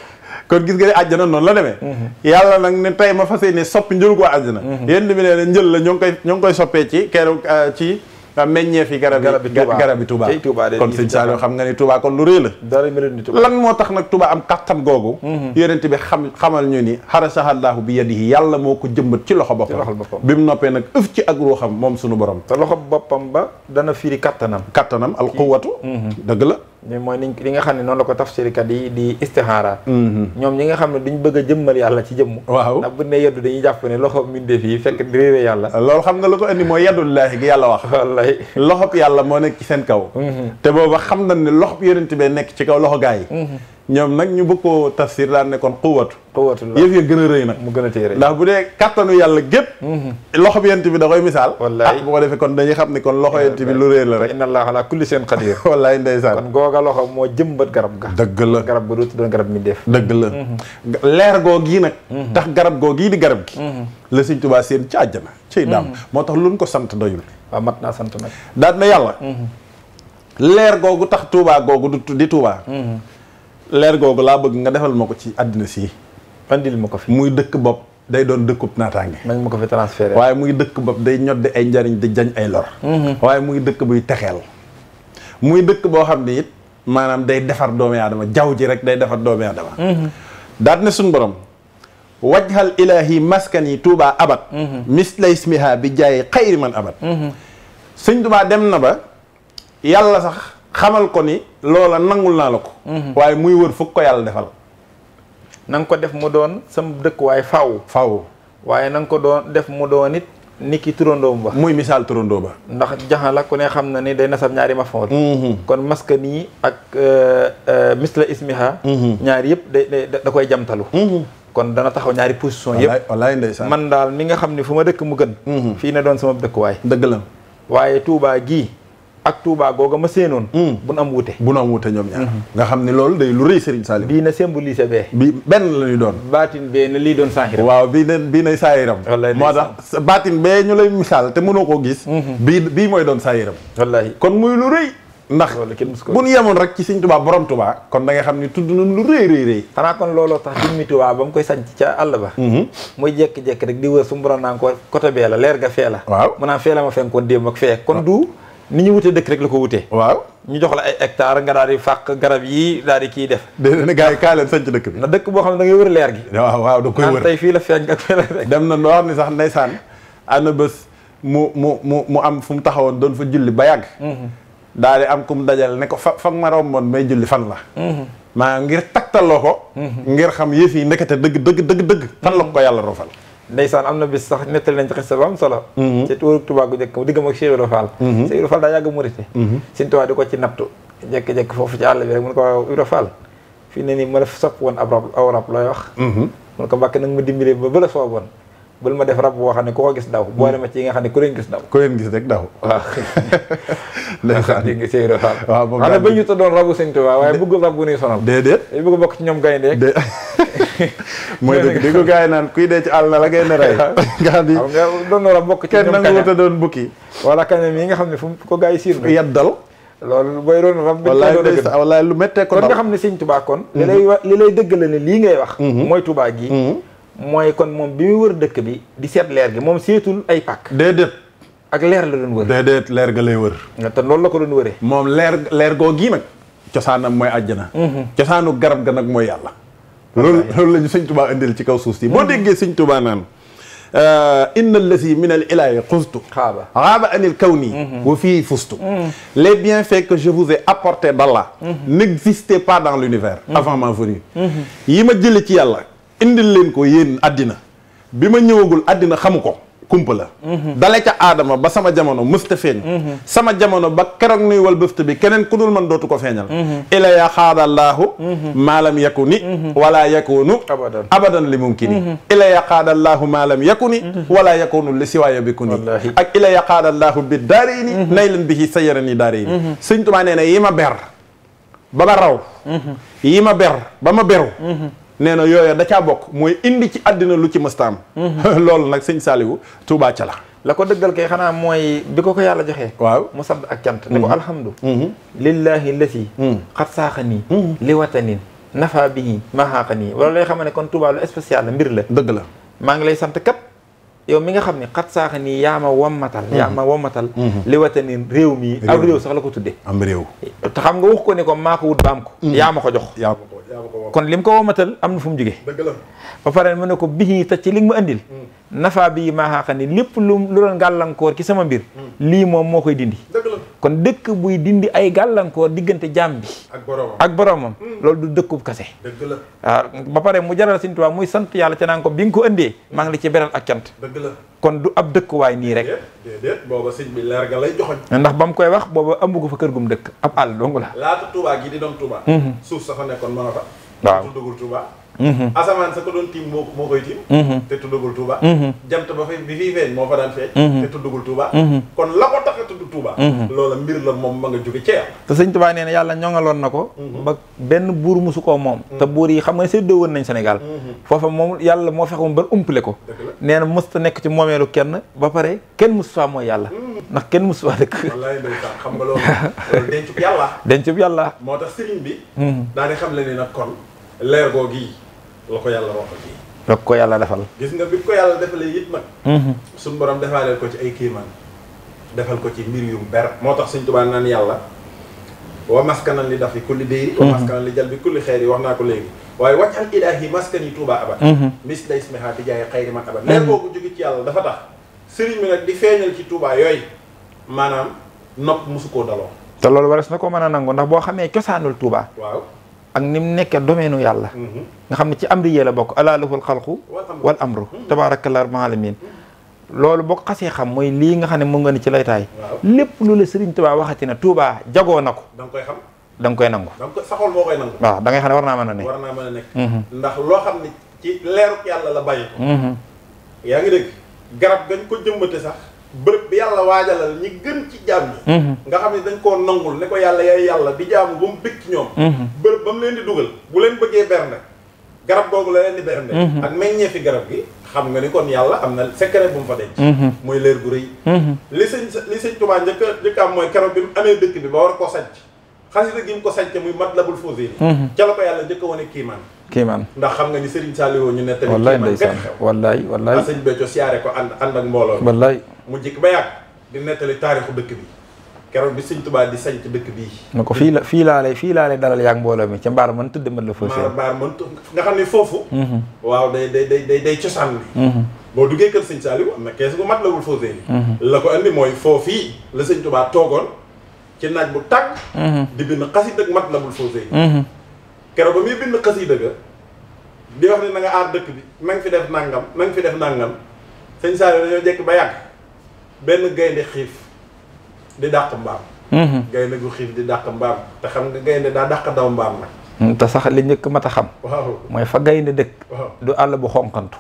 kon gis nga ne àjjana noonu la demee mhm. yàlla nag ne tey ma fas yéene soppi njël koo àjjana mhm. yéen bi nee ne njël la ñoo ngi koy ñoo ngi koy soppee ci keroog euh, ci euh, meññee fi garab yi garab yi Touba kon sëñ Saliou xam nga ni Touba kon lu rëy la dara mel ni Touba lan moo tax nag Touba am kattan googu mhm. yonent bi xam xamal ñu ni xarasahallaahu bi yadihi yàlla moo ko jëmbat ci loxo boppam bi mu noppee nag ëf ci ak ruuxam moom suñu borom te loxo boppam ba dana firi kattanam kattanam al quwwatu dëgg la mooy niñ li nga xam ne noonu la ko tafsirkat yi di mhm. ñoom ñi nga xam ne duñ bëgg a jëmmal yàlla ci jëmm waaw ndax buñ ne yeddu dañuy jàpp ne loxo mbindeef yi fekk di réere yàlla loolu xam nga la ko moo mooy yeddullaahi gi yàlla wax wallaay loxob yàlla moo nekk ci seen kaw mhm. te booba xam na ne loxob yonent bee nekk ci kaw loxo gaa yi mhm. ñoom nag ñu bëgg koo tafsir daan kon quwatu quwatu la ya gën a rëy nag mu a ndax bu dee kattanu yàlla gépp mhm. loxo bi da koy misaal wallaay ah, bu ko defee kon dañuy xam ne kon loxo yent bi lu rëy la rek inna allaha ala kulli seen qadir wallaay ndeysaan kon ga dëgg la garab ga dootu doon garab mi def dëgg la mhm. leer googii nag mhm. la sëñ Tuubaa seen ci àjjana ciy daam moo tax luñ ko sant doyul waaw mat naa sant nag daan na yàlla leer googu du di Tuubaa leer googu laa bëgg nga defal ma ko ci àddina si. andil ma ko fi muy dëkk bopp day doon dëkkub naataange. nañ ma ko fi transféré waaye muy dëkk bopp day ñoddi ay njariñ di jañ ay lor. Mm-hmm. waaye muy dëkk buy texeel. muy dëkk boo xam ne it maanaam day defar doomi aadama jaww ji rek day defar doomi aadama. Mm-hmm. daat ne suñu borom. wajhal ilaahi yi tuubaa abad mm-hmm. misla ismiha bi jaay xayri man abad sëñ Tuubaa dem na ba yàlla sax xamal ko ni loola nangul naa la ko. Mhm. waaye muy wër fukk ko yàlla defal. na nga ko def mu doon sam dëkkuwaay faw faw waaye na nga ko doon def mu doon it ni ki turandoom ba. muy misaal turandoo ba. ndax jaxala la ku ne xam na ni day nasab ñaari mafool. Mhm. kon maska nii ak euh, euh, misla ismiha. Mhm. ñaari yëpp day da koy jamtalu. kon dana taxaw ñaari position yëpp. wallaay ndeysaan man daal mi nga xam ne fu ma dëkk mu gën. fii ne doon sama dëkkuwaay. dëgg la waaye Touba gii. ak Touba googa ma séenoon. Hmm. bu nu am wute. bu nu am wute ñoom ñaar. Hmm. nga xam ne loolu day lu rëy Serigne Saliou. bii na symbolisé bee. bii benn la doon. baatin bee na lii doon saaxiram. waaw bii na bii nay saaxiram. wallaay moo ñu lay misaal te mënoo koo gis. Hmm. bii bii mooy doon saaxiram. wallaay kon muy lu rëy. ndax bu ñu yemoon rek ci Serigne Touba borom Touba kon da nga xam ne tudd nañ lu rëy rëy rëy. xanaa kon looloo tax jëmmi Touba ba mu koy sanc ca àll ba. muy jékki-jékki rek di wër su mu borom ko côté bee la leer ga fee la. waaw mu naan fee ma fenkoon ni ñu wutee dëkk rek la ko wutee. waaw ñu jox la ay hectare nga daal di fàq garab yi daal di kii def. de nag gars yi kaa leen sañ dëkk bi. na dëkk boo xam ne da ngay wër leer da koy ah, wër tey fii na loo xam ne sax ndeysaan ana bés mu mu mu mu am fu mu taxawoon doon fa julli ba yàgg. Mhm. daal di am ku mu dajal ne ko fa fa ma romboon may julli fan la. Mhm. maa ngir taktaloo ko. Mhm. ngir xam yëf yi ndekete dëgg dëgg dëgg dëgg. fan la ko yàlla rofal. ndeysaan am na bis sax nettali nañ ci xista bu am solo mhm. ci tuuru Tuubaa gu njëkk diggam ak Cheikh Ibra Fall mhm. Cheikh Ibra Fall daa yàgg murite mhm. Sëñ Tuubaa di ko ci nattu jekk-jekk foofu ci àll bi rek mun ko waaw Ibra Fall fii ne nii ma la sopp woon ab rab aw rab looy wax mun ko mbàkk nag ma dimbilee ba ba la sooboon bul ma def rab boo xam ne ku ko gis daw hmm. boole ma ci yi nga xam ne ku leen gis daw ku leen gis rek daw waaw ndeysaan yi ngi waaw xam ne ba ñu tuddoon rabu sëñ Tuubaa waaye bëgg rab bu nuy sonal déedéet dañu bëgg bokk ci ñoom gaynde rek mooy di ko gars yi naan kuy dee ci àll na la gaynde rey nga xam ni doon rab bokk ci kenn nangu wuta doon bukki wala kañam yi nga xam ne fu ko gars yi siir yeddal loolu booy doon rab bi wallaay lu méttee kon nga xam ne sëñ Tuubaa kon li mhm. lay dëgg la ne lii ngay wax mhm. mooy Tuubaa yi mooy kon moom bi muy wër dëkk bi di seet leer gi moom seetul ay pàkk déedéet ak leer la doon wër déedéet leer ga lay wër te loolu la ko doon wëree moom leer leer goo gii nag cosaanam mooy àjjana mm-hmm. cosaanu garab ga nag mooy yàlla loolu loolu la ñu sëñ tubaa indil ci kaw suuf si boo mm-hmm. déggee sëñ tubaa naan euh, inna allazi min al ilahi xustu xaaba xaaba anil kawni mm-hmm. wa fii fustu les bienfaits que je vous ai apportés d'Allah n'existaient pas dans l'univers avant ma venue yi ma jële ci yàlla indil leen ko yéen àddina bi ma ñëwagul àddina xamu ko kumpa la mhm. dale ca aadama ba sama jamono mësta feeñ mhm. sama jamono ba keroog nuy wal bëft bi keneen ku dul man dootu ko feeñal mhm. ila ya xaadallaahu maalam yaku ni wala yakunu abadan li mumkini ila ya yaku ni wala yakunu li siwaaya bi ku ni ak ila ya xaadallaahu bi daari ni nay leen bi ci sa yaran yi daari ni sëñ Tuubaa nee na yi ma ber ba ma raw yi ma ber ba ma beru nee na yooya da caa bokk mooy indi ci àddina lu ci mëstaam mhm. loolu nag sëñ Saliou Touba ca la la ko dëggal kay xanaa mooy bi ko ko yàlla joxee waaw mu sant ak cant ne ko mhm. alhamdu mhm. lillahi lati xat saaxa nii li watanin nafa bi ñi maaxaaqa nii wala lay xam ne kon Touba lu spécial la mbir la dëgg la maa ngi lay sant kat yow mi nga xam ne xat saaxa nii yaa ma wammatal yaa ma mhm. wammatal mhm. li wate ni réew mi ak réew sax ko tuddee am réew te xam nga wax ko ne ko maa ko wut baam mhm. ko yaa ma ko jox kon lim ko wammatal am na fu mu jógee la ba pare mu ne ko bii te ci li nga andil nafa bii maa xaaxa ni lépp lu lu doon gàllankoor ci sama mbir lii moom moo koy dindi kon dëkk buy dindi ay gàllankoor diggante jaam bi. ak boromam ak hmm. loolu du dëkku kase. dëgg la waaw ah, ba pare mu jaral Sëñ Tuubaa muy sant yàlla ca naan ko bi nga ko indee maa ngi la ci beral ak cant. dëgg la kon du ab dëkkuwaay nii rek. déedéet booba bi leer ga ndax ba mu koy wax booba amu ko fa kër gum dëkk ab àll dong la. laata Touba di doon Touba. Hmm. waaw Mm-hmm. asamaan sa ko doon tiim moo moo koy tiim mm-hmm. te tuddagul Touba mm-hmm. jant ba fi bi fiy feeñ moo fa daan feeñ te tuddagul Touba kon la ko tax a tudd Touba loola mbir la moom ma nga jóge ci yàlla te sëñ Touba nee na yàlla ñoŋaloon na ko ba benn buur musu koo moom te buur yi xam nga séddoo woon nañ Sénégal foofa moom yàlla moo fexoon ba umpale ko nee na mës ta nekk ci moomeelu kenn ba pare kenn musu faa mooy yàlla ndax kenn musu faa dëkk wallaay ndeysaan xam nga loolu dencub yàlla dencub yàlla moo tax sëriñ bi daal di xam le ni nag kon leer goo gii la ko yàlla waxal fii. la ko yàlla defal. gis nga bi ko yàlla defalee it nag. Mm-hmm. suñ borom defaaleel ko ci ay kii man defal ko ci mbir yu ber. moo tax Sëñ Tuubaa naan yàlla. wa maskanan li dafi kulli déy wa mm-hmm. jal bi yi wax naa ko léegi waaye wàccal ilaahi maskan yi tuubaa abat mm-hmm. mis day smiha bi jaay xayri man abat leer boobu jóge ci yàlla dafa tax sëriñ bi nag di feeñal ci tuubaa yooyu maanaam nopp mosu koo daloo te loolu waras na ko mën a nangu ndax boo xamee cosaanul tuubaa ak ni mu nekkee domaine yàlla mm-hmm. nga xam ne ci amri yee la bokk alaa lahul xalqu wal amru mm-hmm. tabaarakallah rabbil alamin mm-hmm. loolu boo ko xasee xam mooy lii nga xam ne mu nga ni ci laytaay lépp lu la Sëriñ Tuubaa waxati na Tuubaa jagoo na ko danga koy xam nangu waaw da ngay xam ne war naa mën a nekk war naa mën a nekk ndax loo xam ne ci leeruk yàlla la bàyyi ko yaa ngi garab gañ ko jëmbate sax bërëb bi yàlla waajalal ñi gën ci jaam ñi mhm. nga xam ne dañ koo nangul ne ko yàlla yaay yàlla di jaamu ba mu dëkk ñoom mhm. bërëb ba mu leen di dugal bu leen bëggee bernde garab googu la leen di bernde mhm. ak meññee fi garab gi xam nga ni kon yàlla am na secret bu mu fa denc mooy leer gu rëy li sëñ li sëñ Tuubaa njëkk njëkk am mooy keroog bi mu amee dëkk bi ba war koo sanc xasida gi mu ko sànce muy Matlabul Fawzayni mhm. ca la ko yàlla njëkk a wane kiimaan kiimaan ndax xam nga ni Serigne Saliou ñu ne tamit wallaay ndeysaan wallaay wallaay sëñ Béthio siyaare ko ànd ànd ak mbooloo wallaay mu jikk ba yàgg di nettali taarixu dëkk bi keroog bi sëñ Tuubaa di sanc dëkk bii na ko fii la fii laa lay fii laa dalal yaag mbooloo mi ca mbaar mën tëdd mën la foofu mbaar mën nga xam ne foofu mhm. waaw day day day day day cosaan bi mhm. boo duggee kër sëñ Saliou am na kees gu Matlabul Fawzayni la ko andi mooy foofii ci naaj bu tàgg. Mm-hmm. di bind xasida ak Matlabul Fawzayni. Mm-hmm. keroog ba muy bind xasida ga di wax ne na aar dëkk bi na nga fi def nàngam na fi def nangam sëñ Saaliw dañoo jekk ba yàgg benn gaynde xiif di dàq mbaam. Mm-hmm. gaynde gu xiif di dàq mbaam te xam nga gaynde daa dàq daw mbaam nag. te sax li njëkk mat a xam. mooy fa gaynde dëkk. du àll bu xonqantu.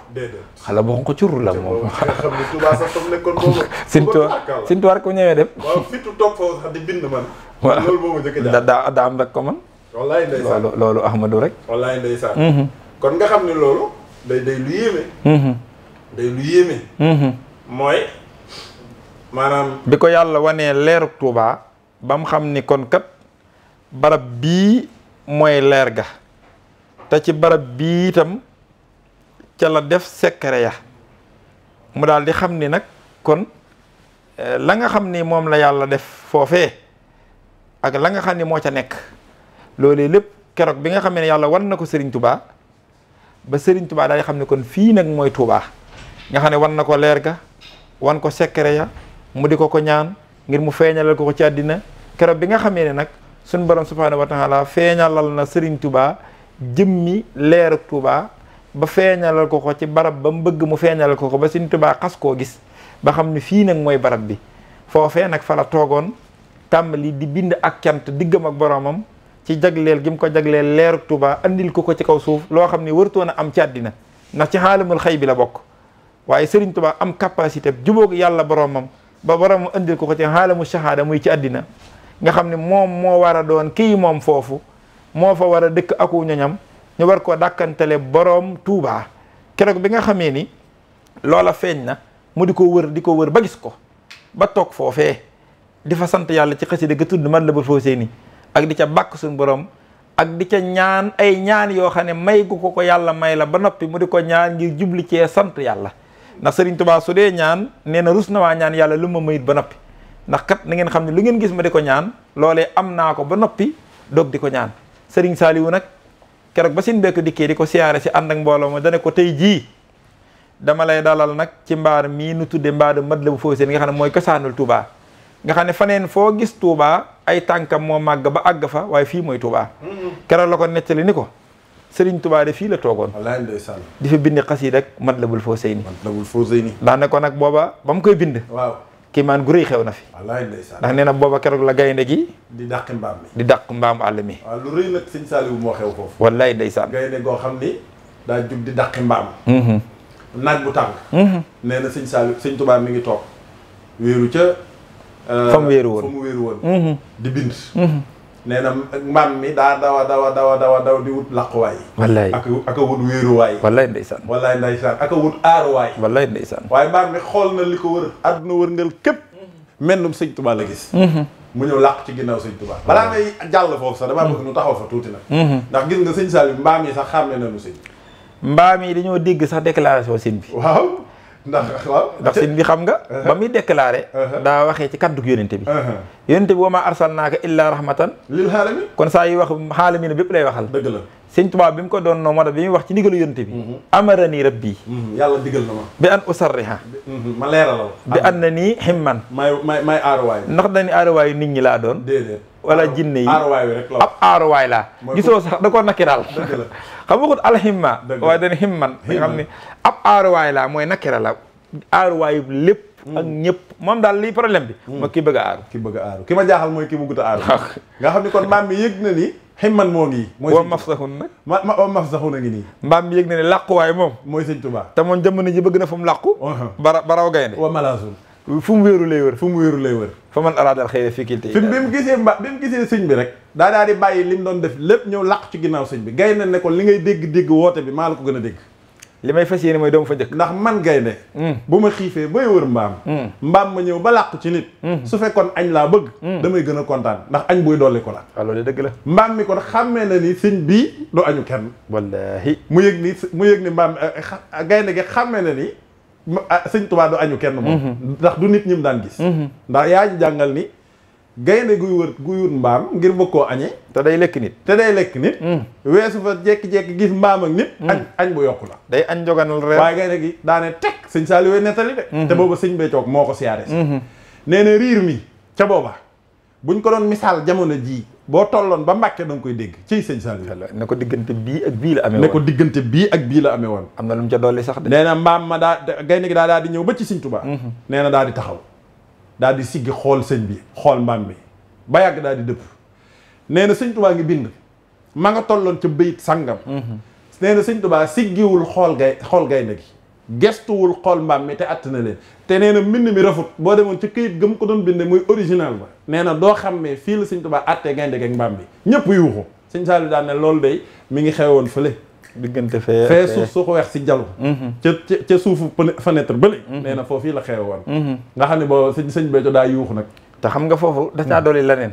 xala bu xonq curru la moom. xam ne Tuubaa sax tam nekkoon boobu. Sintuwaar Sintuwaar ku ñëwee dem. waaw fitu toog foofu sax a jaar da daa rek ko man. loolu loolu rek. Mhm. nga xam ne loolu. day day lu yéeme. Mhm. Mhm. bi ko yàlla wane leeruk Tuubaa ba mu xam ni kon kat barab bii. mooy leer ga te ci barab bii itam ca la def secret ya mu daal di xam ni nag kon eh, la nga xam ni moom la yàlla def foofee ak la nga xam ni moo ca nekk loole lépp keroog bi nga xam ne yàlla war na ko Serigne Touba ba Serigne Touba daal di xam ne kon fii nag mooy Touba nga xam ne war na ko leer ga wan ko secret ya mu di ko ko ñaan ngir mu feeñalal ko ko ci àddina keroog bi nga xamee ne nag. suñ borom subhaanahu wa taala feeñalal na Serigne Touba jëmmi leeruk Touba ba feeñalal ko ko ci barab ba mu bëgg mu feeñalal ko ko ba Serigne Touba xas koo gis ba xam ni fii nag mooy barab bi foo foofee nag fa la toogoon tàmbali di bind ak cant diggam ak boromam ci jagleel gi mu ko jagleel leeruk tubaa indil ko ko ci kaw suuf loo xam ne wërtoon a am ci àddina ndax ci mul xëy bi la bokk waaye Serigne tubaa am capacité jubóog yàlla boromam ba borom andil ko ko ci xaalamu shahaada muy ci àddina nga xam ne moom moo war a doon kii moom foofu moo fa war a dëkk aku ñoñam ñu war ko dàkkantale boroom Tuubaa keroog bi nga xamee ni loola feeñ na mu di ko wër di ko wër ba gis ko ba toog foofee di fa sant yàlla ci xasida ga tudd Matlabul nii ak di ca bàkk suñ boroom ak di ca ñaan ay ñaan yoo xam ne may gu ko ko yàlla may la ba noppi mu di ko ñaan ngir jubli cee sant yàlla ndax Sëriñ Tuubaa su dee ñaan nee na rus na waa ñaan yàlla lu ma mayit ba noppi ndax kat na ngeen xam ne lu ngeen gis ma di ko ñaan loolee am naa ko ba noppi doog di ko ñaan sëriñ Saaliwu nag keroog ba sin bekk dikkee di ko siyaare si ànd ak mbooloo ma dane ko tey jii dama lay dalal nag ci mbaar mii nu tudde mbaar mat la bu foofu seen nga xam ne mooy cosaanul Touba nga xam ne faneen foo gis Touba ay tànkam moo màgg ba àgg waaye fii mooy Touba mm-hmm. keroog la ko ko sëriñ Touba de fii la toogoon di fi bind xasiid ak mat la bul foofu seen ni daane ko nag booba ba mu koy bind kiimaan gu rëy xew na fi. wallaay ndeysaan ndax nee na booba keroog la gaynde gi. di dàq mbaam mi di dàq mbaamu àll mi. waaw lu rëy nag sëñ Saliou moo xew foofu. wallaay ndeysaan gaynde goo xam ni daa jug di dàq mbaam. Mm-hmm. naaj bu tàng. Mm-hmm. nee na sëñ Saliou sëñ Tuubaa mi ngi toog wéeru ca. fa wéeru woon. Mm-hmm. di bind. nee na mbaam mi daa dawa dawa dawa dawa daw di wut laquwaay wallaay ak ak a wut wéeruwaay wallaay ndeysaan wallaay ndeysaan ak a wut aaruwaay wallaay ndeysaan waaye mbaam mi xool na li ko wër àdduna wërngal képp mennum sëñ Tuubaa a gis mm-hmm. mu ñëw làq ci ginnaaw sëñ Tuubaa mm-hmm. balaa ngay jàll foofu sax damaa bëgg ñu taxaw fa tuuti nag mm-hmm. ndax gis nga sëñ Saliou mbaam yi sax xàmme nañu sëñ mbaam yi dañoo dégg sax déclaration sëñ bi waaw ndax waaw bi xam nga uh-huh. ba muy déclaré uh-huh. daa waxee ci kaddu yónente bi uh-huh. yónente bi wa maa arsalnaaka illaa rahmatan lil xaalamin kon saa yi wax xaalamin bépp lay waxal dëgg la sëñ Tuubaa bi mu ko doon noo moo bi muy wax ci ndigalu yónente bi mm-hmm. amarani rabbi mm-hmm. yàlla digal na ma bi an usarriha mm-hmm. ma leeralal bi an na nii himman may may may aaruwaay ndax dañu aaruwaayu nit ñi laa doon déedéet wala jinne yi ab aaruwaay la gisoo sax da koo nakiral xam al alhimma waay dana himman nga xam ne ab aaruwaay la mooy nakira la aaruwaayu lépp mm. ak ñëpp moom daal lii problème bi ma mm. ki bëgg a ki bëgg a aaru ma jaaxal mooy ki bëggut a nga xam ne kon maam mi yëg na ni ximman moo ngi mooy wa maf saxun ma wa maf saxun a ngi nii mbaam mi yëg na ni waay moom mooy sëñ Tuubaa te moom jamono ji bëgg na fu mu làqu uh-huh. bara baraw gaynde wa malaasun fu mu wéeru lay wër fu mu wéru lay wër fa man araadal xëy na fikkilte fi bi mu gisee mba bi mu gisee sëñ bi rek daa bàyyi li mu doon def lépp ñëw làq ci ginnaaw sëñ bi gaynde ne ko li ngay dégg-dégg woote bi maa la ko gën a dégg li may fas yéene mooy doomu fa njëkk ndax man gaynde hmm. bu ma xiifee bay wër mbaam hmm. mbaam ma ñëw ba làqu ci nit hmm. su fekkoon añ laa bëgg damay gën a kontaan ndax añ buy dolli ko la waaw ah, loolu dëgg la mbaam mi kon xàmmee na ni sëñ bii du añu kenn wallaahi mu yëg ni mu yëg ni mbaam eh, eh, gaynde gi xàmmee na ni Ah, sëñ Tuubaa du añu kenn moom mhm. ndax du nit ñi mu daan gis mhm. ndax yaa ñu jàngal ni gaynde guy wër guy wër mbaam ngir bëgg koo añee te day lekk nit te day lekk nit mhm. weesu fa jekki-jekki gis mbaam ak nit añ añ bu yokku la day añ joganal reer waaye gaynde gi daane teg sëñ Saliou wee nettali de te booba sëñ Béthio moo ko siyaare si nee na riir mi ca booba buñ ko doon misaal jamono jii boo tolloon ba Mbàkke da nga koy dégg ciy sëñ Saliou ne ko diggante bii ak bii la amee woon ne ko diggante bii ak bii la amee woon am na lu mu ca dolli sax de nee na mbaam ma daa gaynde gi daa daa di ñëw ba ci sëñ Tuubaa mhm. nee na daa di taxaw daa di siggi xool sëñ bi xool mbaam bi ba yàgg daa di dëpp nee na sëñ Tuubaa ngi bind ma nga tolloon ca bayit sàngam mhm. nee na sëñ Tuubaa siggiwul xool gay xool gaynde gi gestuwul xool mbaam mi te att na leen te nee na mbind mi rafut boo demoon ci këyit gëm ko doon binde muy original ba nee na doo xam ne fii la sëñ Tuubaa attee gaynde ak mbaam bi ñëpp yuuxu sëñ Saliou daan ne loolu day mi ngi xewoon fële diggante fee fee suuf su ko weex si jàll mm-hmm. ca ca suufu fenêtre bële mm-hmm. nee na foofu la xewoon mm-hmm. nga xam ne boo sëñ sëñ Béthio daa yuuxu nag te xam nga foofu da caa dolli leneen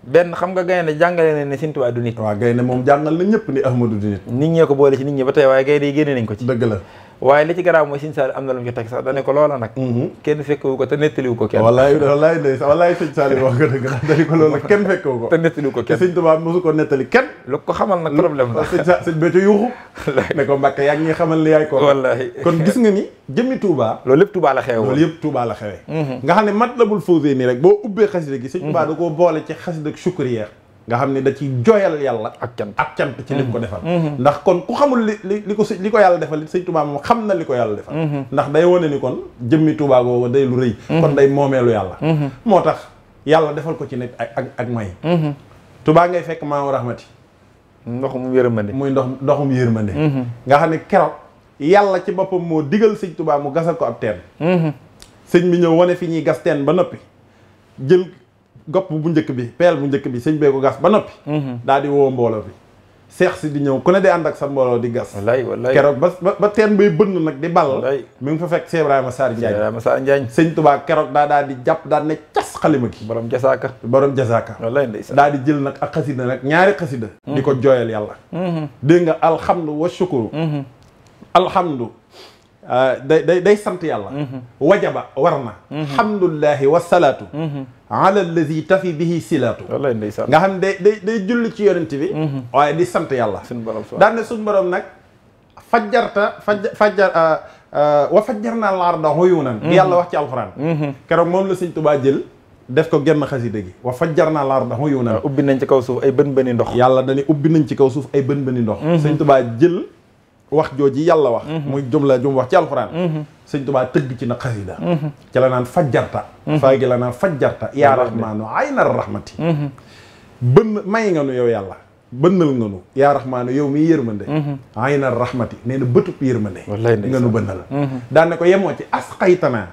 benn xam nga gaynde jàngale na ne Sëñ Tuubaa du nit waaw gaynde moom jàngal na ñëpp ni Ahmadu du nit nit ñee ko boole ci nit ñi ba tey waaye gaynde yi génne nañ ko ci dëgg la waaye li ci garaaw mooy Sëñ Saaliw am na lu mu ci teg sax dane ko loola nag mhm. kenn fekkewu ko te nettaliwu ko kenn wallaay wallaay ndeys wallaay Sëñ Saaliw wax ko dëgg nag dane ko loola kenn fekkewu ko te nettaliwu ko kenn Sëñ Tuubaa mosu ko nettali kenn lu ko xamal nag problème la sëñ sëñ Béthio yuuxu ne ko Mbàkke yaa ngi xamal li yaay ko loolu la xew loolu yëpp Touba la xewee mhm. nga xam ne Matlabul Fawzayni rek boo ubbee xasida gi Sëñ Tuubaa mhm. da koo boole ci xasida ak nga xam ne da ci joyal yàlla ak cant ak cant ci lim ko mm-hmm. defal mm-hmm. ndax kon ku xamul li li li ko si li ko yàlla defal sëñ Tuubaa moom xam na li ko yàlla defal mm-hmm. ndax day wane ni kon jëmmi Tuubaa googu day lu rëy kon day moomeelu yàlla moo tax yàlla defal ko ci nekk ak ak may Tuubaa ngay fekk maamu rahmati ndoxum yërmande muy ndox ndoxum yërmande nga xam ne keroog yàlla ci boppam moo digal sëñ Tuubaa mu gasal ko ab teen sëñ bi ñëw wane fi ñuy gas teen ba noppi gopp bu njëkk bi peel bu njëkk bi sëñ bee ko gas ba noppi mhm. daal di woo mbooloo bi seex si di ñëw ku ne di ànd ak sa mbooloo di gas keroog ba ba teen bay bënn nag di ball mi ngi fa fekk Cheikh Ibrahima Sarr Ndiagne Ibrahima Sarr Ndiagne sëñ Touba keroog daa daal di jàpp daal ne cas xalima gi borom jasaaka borom jasaaka wallaay ndeysaan daal di jël nag ak xasida nag ñaari xasida di mhm. ko jooyal yàlla mhm. dégg nga alhamdu wa shukuru alhamdu Euh, day day day sant yàlla mhm. wajaba war na mhm. alhamdulilahi wasalaatu mhm. ala allazi tafi bihi silaatu wallaay ndeysaan nga xam day day day julli ci yonent bi waaye di sant yàlla suñu borom daan ne suñu borom nag fajjarta faj fajjar euh, euh, wa fajjar naa laarda huyunan bi yàlla wax ci alxuraan keroog moom la sëñ Tuubaa jël def ko genn xasida gi wa fajjar naa laarda huyunan ubbi nañ ci kaw suuf ay bën bëni ndox yàlla dañu ubbi nañ ci kaw suuf ay bën bëni ndox sëñ Tuubaa jël wax jooji yàlla wax mhm. muy jumla jum wax ci alxuraan mhm. sëñ tubaa tëgg ci na xasida mhm. ci la naan fajjarta faagi la naan fajjarta yaa rahmaanu aynar rahmati bënn may nga nu yow yàlla bënnal nga nu yaa rahmaanu yow mi yërmande aynar rahmati nee na bëtub yërmande nga nu bënnal daan ne ko yemoo ci asqaytanaa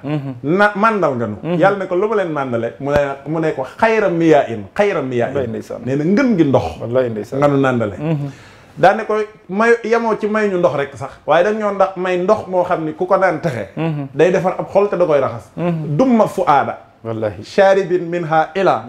na màndal nga nu yàlla ne ko lu ma leen màndale mu ne ko xayra miyaa in xayra miyaa in nee ngën gi ndox nga nu nàndale daane ko may yemoo ci may ñu ndox rek sax waaye dañ ñoo ndax may ndox moo xam ni ku ko naan texe mhm. day defar ab xol te da koy raxas mhm. dumma fu aada wallahi charibin minha ila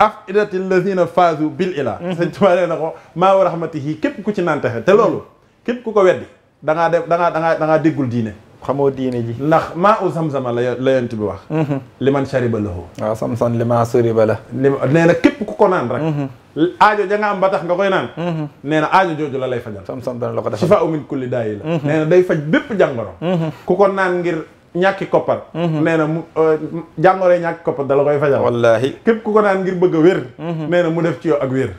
afidati alladina faazu bil ila mhm. sëñ Tuubaa nee na ko maa wa rahmatihi képp ku ci naan texe te loolu képp ku ko weddi da ngaa def da ngaa da ngaa da ngaa déggul diine xamoo diine ji ndax maa u samsama a la yonent bi wax mhm. li man shariba lahu waaw samsan li maa suriba la li nee na képp ku ko naan rek mhm. aajo ja nga am ba tax nga koy naan mhm. nee na aajo jooju la lay fajal samsan dana la ko def shifa min kulli daayi la nee na day faj bépp jàngoro ku ko naan ngir ñàkki koppar nee na mu euh, ñàkki koppar dala koy fajal wallaahi képp ku ko naan ngir bëgg a wér mu def ci yow ak wér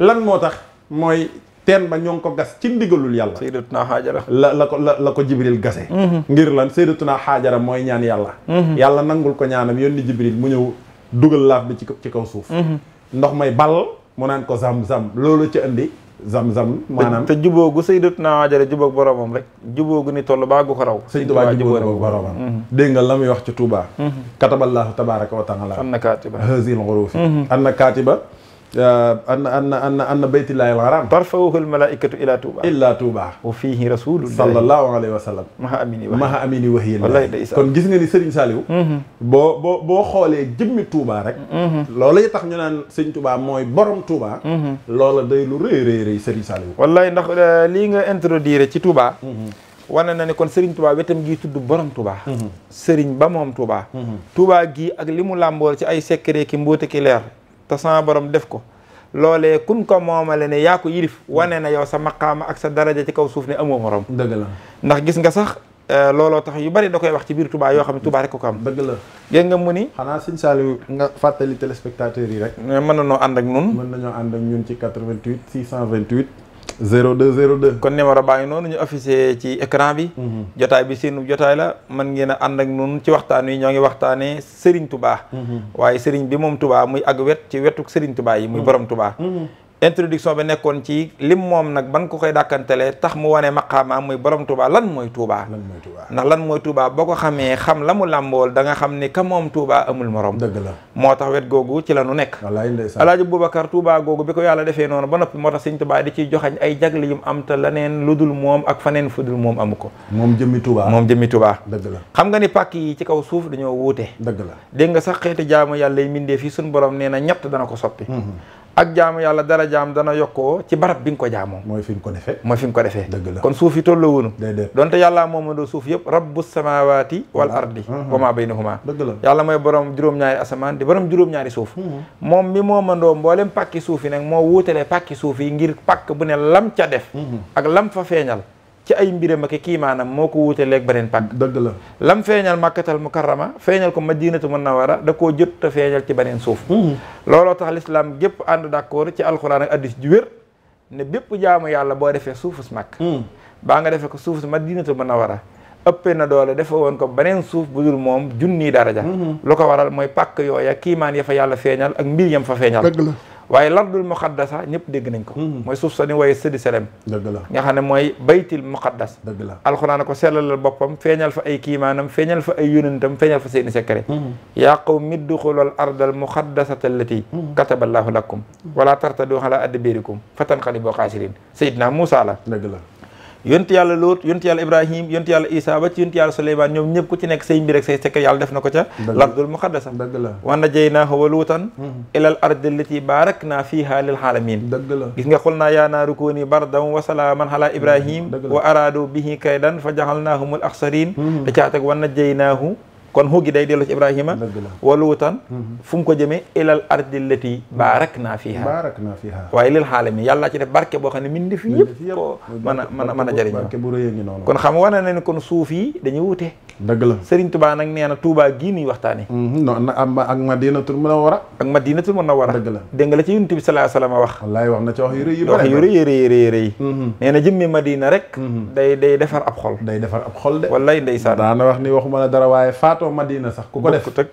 lan moo tax mooy teen ba ñoo ngi ko gas ci ndigalul yàlla sayyidatuna xaajara la la ko la la ko jibril gase mhm. ngir lan sayyidatuna xaajara mooy ñaan yàlla mhm. yàlla nangul ko ñaanam yónni jibril mu ñëw dugal laaf bi ci ci kaw suuf mhm. ndox may bal mu naan ko zam-zam loolu ci indi zam-zam maanaam te jubóogu sayyidatuna xaajara jubóog boromam rek jubóogu ni toll baa gu ko raw sëñ Tuubaa jubóog boromam dégg nga la muy wax ci Tuubaa kataballaahu tabaaraka wa taala kaatiba hazil xuruufi anna kaatiba ann ann ann ann baytillahi alharam tarfauhu almalaikatu ila touba illa touba wa fii rasulullah sallallahu alayhi wa sallam maha amini maha amini wahiy kon gis nga ni Serigne Saliou boo boo boo xoolee jëmmi touba rek loola tax ñu naan sëñ touba mooy borom touba loola day lu rëy rëy rëy Serigne Saliou wallaay ndax lii nga introduire ci touba wane na ne kon sëriñ Touba wetam gii tudd borom Touba. Serigne ba moom Touba. Touba gii ak li mu làmbool ci ay secret ki mbóote ki leer. te sama borom def ko loolee kun ko moomale ne yaa ko yilif wane na yow sa maqaama ak sa daraja ci kaw suuf ne amoo morom dëgg ndax gis nga sax eh, looloo tax yu bari da koy wax ci biir Touba yoo xam ne Touba rek ko am dëgg la gën nga mu ni xanaa sëñ Saliou nga fàttali téléspectateurs yi rek mën na noo ànd ak ñun mën nañoo ànd ak ñun ci 88 628 0202. kon numéro baa ngi noonu ñu affiché ci écran bi. Mhm. jotaay bi seenu jotaay la mën ngeen a ànd ak noonu ci waxtaan wi ñoo ngi waxtaanee Serigne Touba. Mhm. waaye Serigne bi moom tubaa muy ak wet ci wetuk Serigne Touba yi muy mhm. borom tubaa introduction bi nekkoon ci lim moom nag ban ko koy dàkkantelee tax mu wane maqaama muy borom Touba lan mooy Touba. lan mooy ndax lan mooy Touba boo ko xamee xam la mu làmbool da nga xam ni ka moom tuubaa amul morom. dëgg la moo tax wet googu ci la nu nekk. wallaahi ndeysaan Alaaji Boubacar Touba googu bi ko yàlla defee noonu ba noppi moo tax Sëñ Touba di ay jagle am te leneen lu dul moom ak faneen fu moom amu ko. moom jëmmi Touba moom jëmmi Touba. dëgg la xam nga ni pàkk yi ci kaw suuf dañoo wuute. dëgg la dégg nga sax xeeti jaamu yàlla yi mindee fii suñu borom nee na ñett dana ko soppi mm-hmm. ak jaamu yàlla dara jaam dana yokkoo ci barab bi nga ko jaamoo mooy fi nga ko defee mooy fi nga ko defee dëgg la kon suuf yi tolloo woonu donte yàllaa moomandoo suuf yëpp rabbu samawati wal ardi wa ma baynahuma dëgg la yàlla mooy borom juróom-ñaari asamaan di borom juróom-ñaari suuf hmm. moom mi moomandoo mboolem pàkki suuf yi nag moo wuutalee pàkki suuf yi ngir pàkk bu ne lam ca def hmm. ak lam fa feeñal ci ay mbiram ak kiimaanam moo ko wuuteleeg beneen pàkk dëgg la lam feeñal màkkatal mukarrama feeñal ko ma madinatu munawara da koo jot te feeñal ci beneen suuf mm-hmm. looloo tax lislaam gépp ànd d'accord ci alxuraan ak addis ji wér ne bépp jaamu yàlla boo defee suufus màkk mm. baa nga defee ko suufus madinatu munawara ëppee na doole defe woon ko beneen suuf bu dul moom junni daraja mm-hmm. lu ko waral mooy pàkk yooya kiimaan ya fa yàlla feeñal ak mbir yam fa feeñal dëgg la waaye lardul muqaddasa ñëpp dégg nañ ko hmm. mooy suuf sa ni waaye sëdi selem dëgg la nga ne mooy baytil muqaddas dëgg la alxuraan ko sellalal boppam feeñal fa ay kiimaanam feeñal fa ay yonentam feeñal fa seeni secret hmm. yaa qawmi duxulul ardal muqaddasata allati hmm. kataballaahu lakum wala tartadu ala adbirikum fatanqalibu xaasiriin sayidna Muusa la dëgg la yonti yàlla Lóot yonti yàlla Ibrahim yonti yàlla Isa ba ci yonti yàlla Suleymaan ñoom ñëpp ku ci nekk say mbir ak say secret yàlla def na ko ca lardul muqaddasa dëgg la wa najaynaahu wa luutan mhm. ilal ardi allati baaraknaa fiihaa lil aalamiin dëgg la gis nga xul naa yaa naaru kuuni bardan wa salaaman alaa mhm. Ibrahim wa araadu bihi kaydan fa jaxalnaahumul axsariin mhm. te caateg wa najaynaahu kon xuugi day dellu ci ibrahima wa luutan mhm. fu mu ko jëmee ilal ardi lati mhm. baarak naa fiha baarak naa fiha waaye lil xaalami ci def barke boo xam ne min def yëpp ko mën a mën a mën a jëriñoo na ne kon suuf yi dañu wute dëgg la Serigne Touba nag na Touba gii nuy waxtaane mhm. non ak ak madinatul munawwara dëgg la dégg nga ci yonent bi sallallahu alayhi wa sallam wax wallaay wax na ci wax yu rëy yu bëri wax jëmmi madina rek day day defar ab xol day defar ab xol de wallaay ndeysaan daana wax ni waxuma la dara faatoo Madina sax ku ko def teg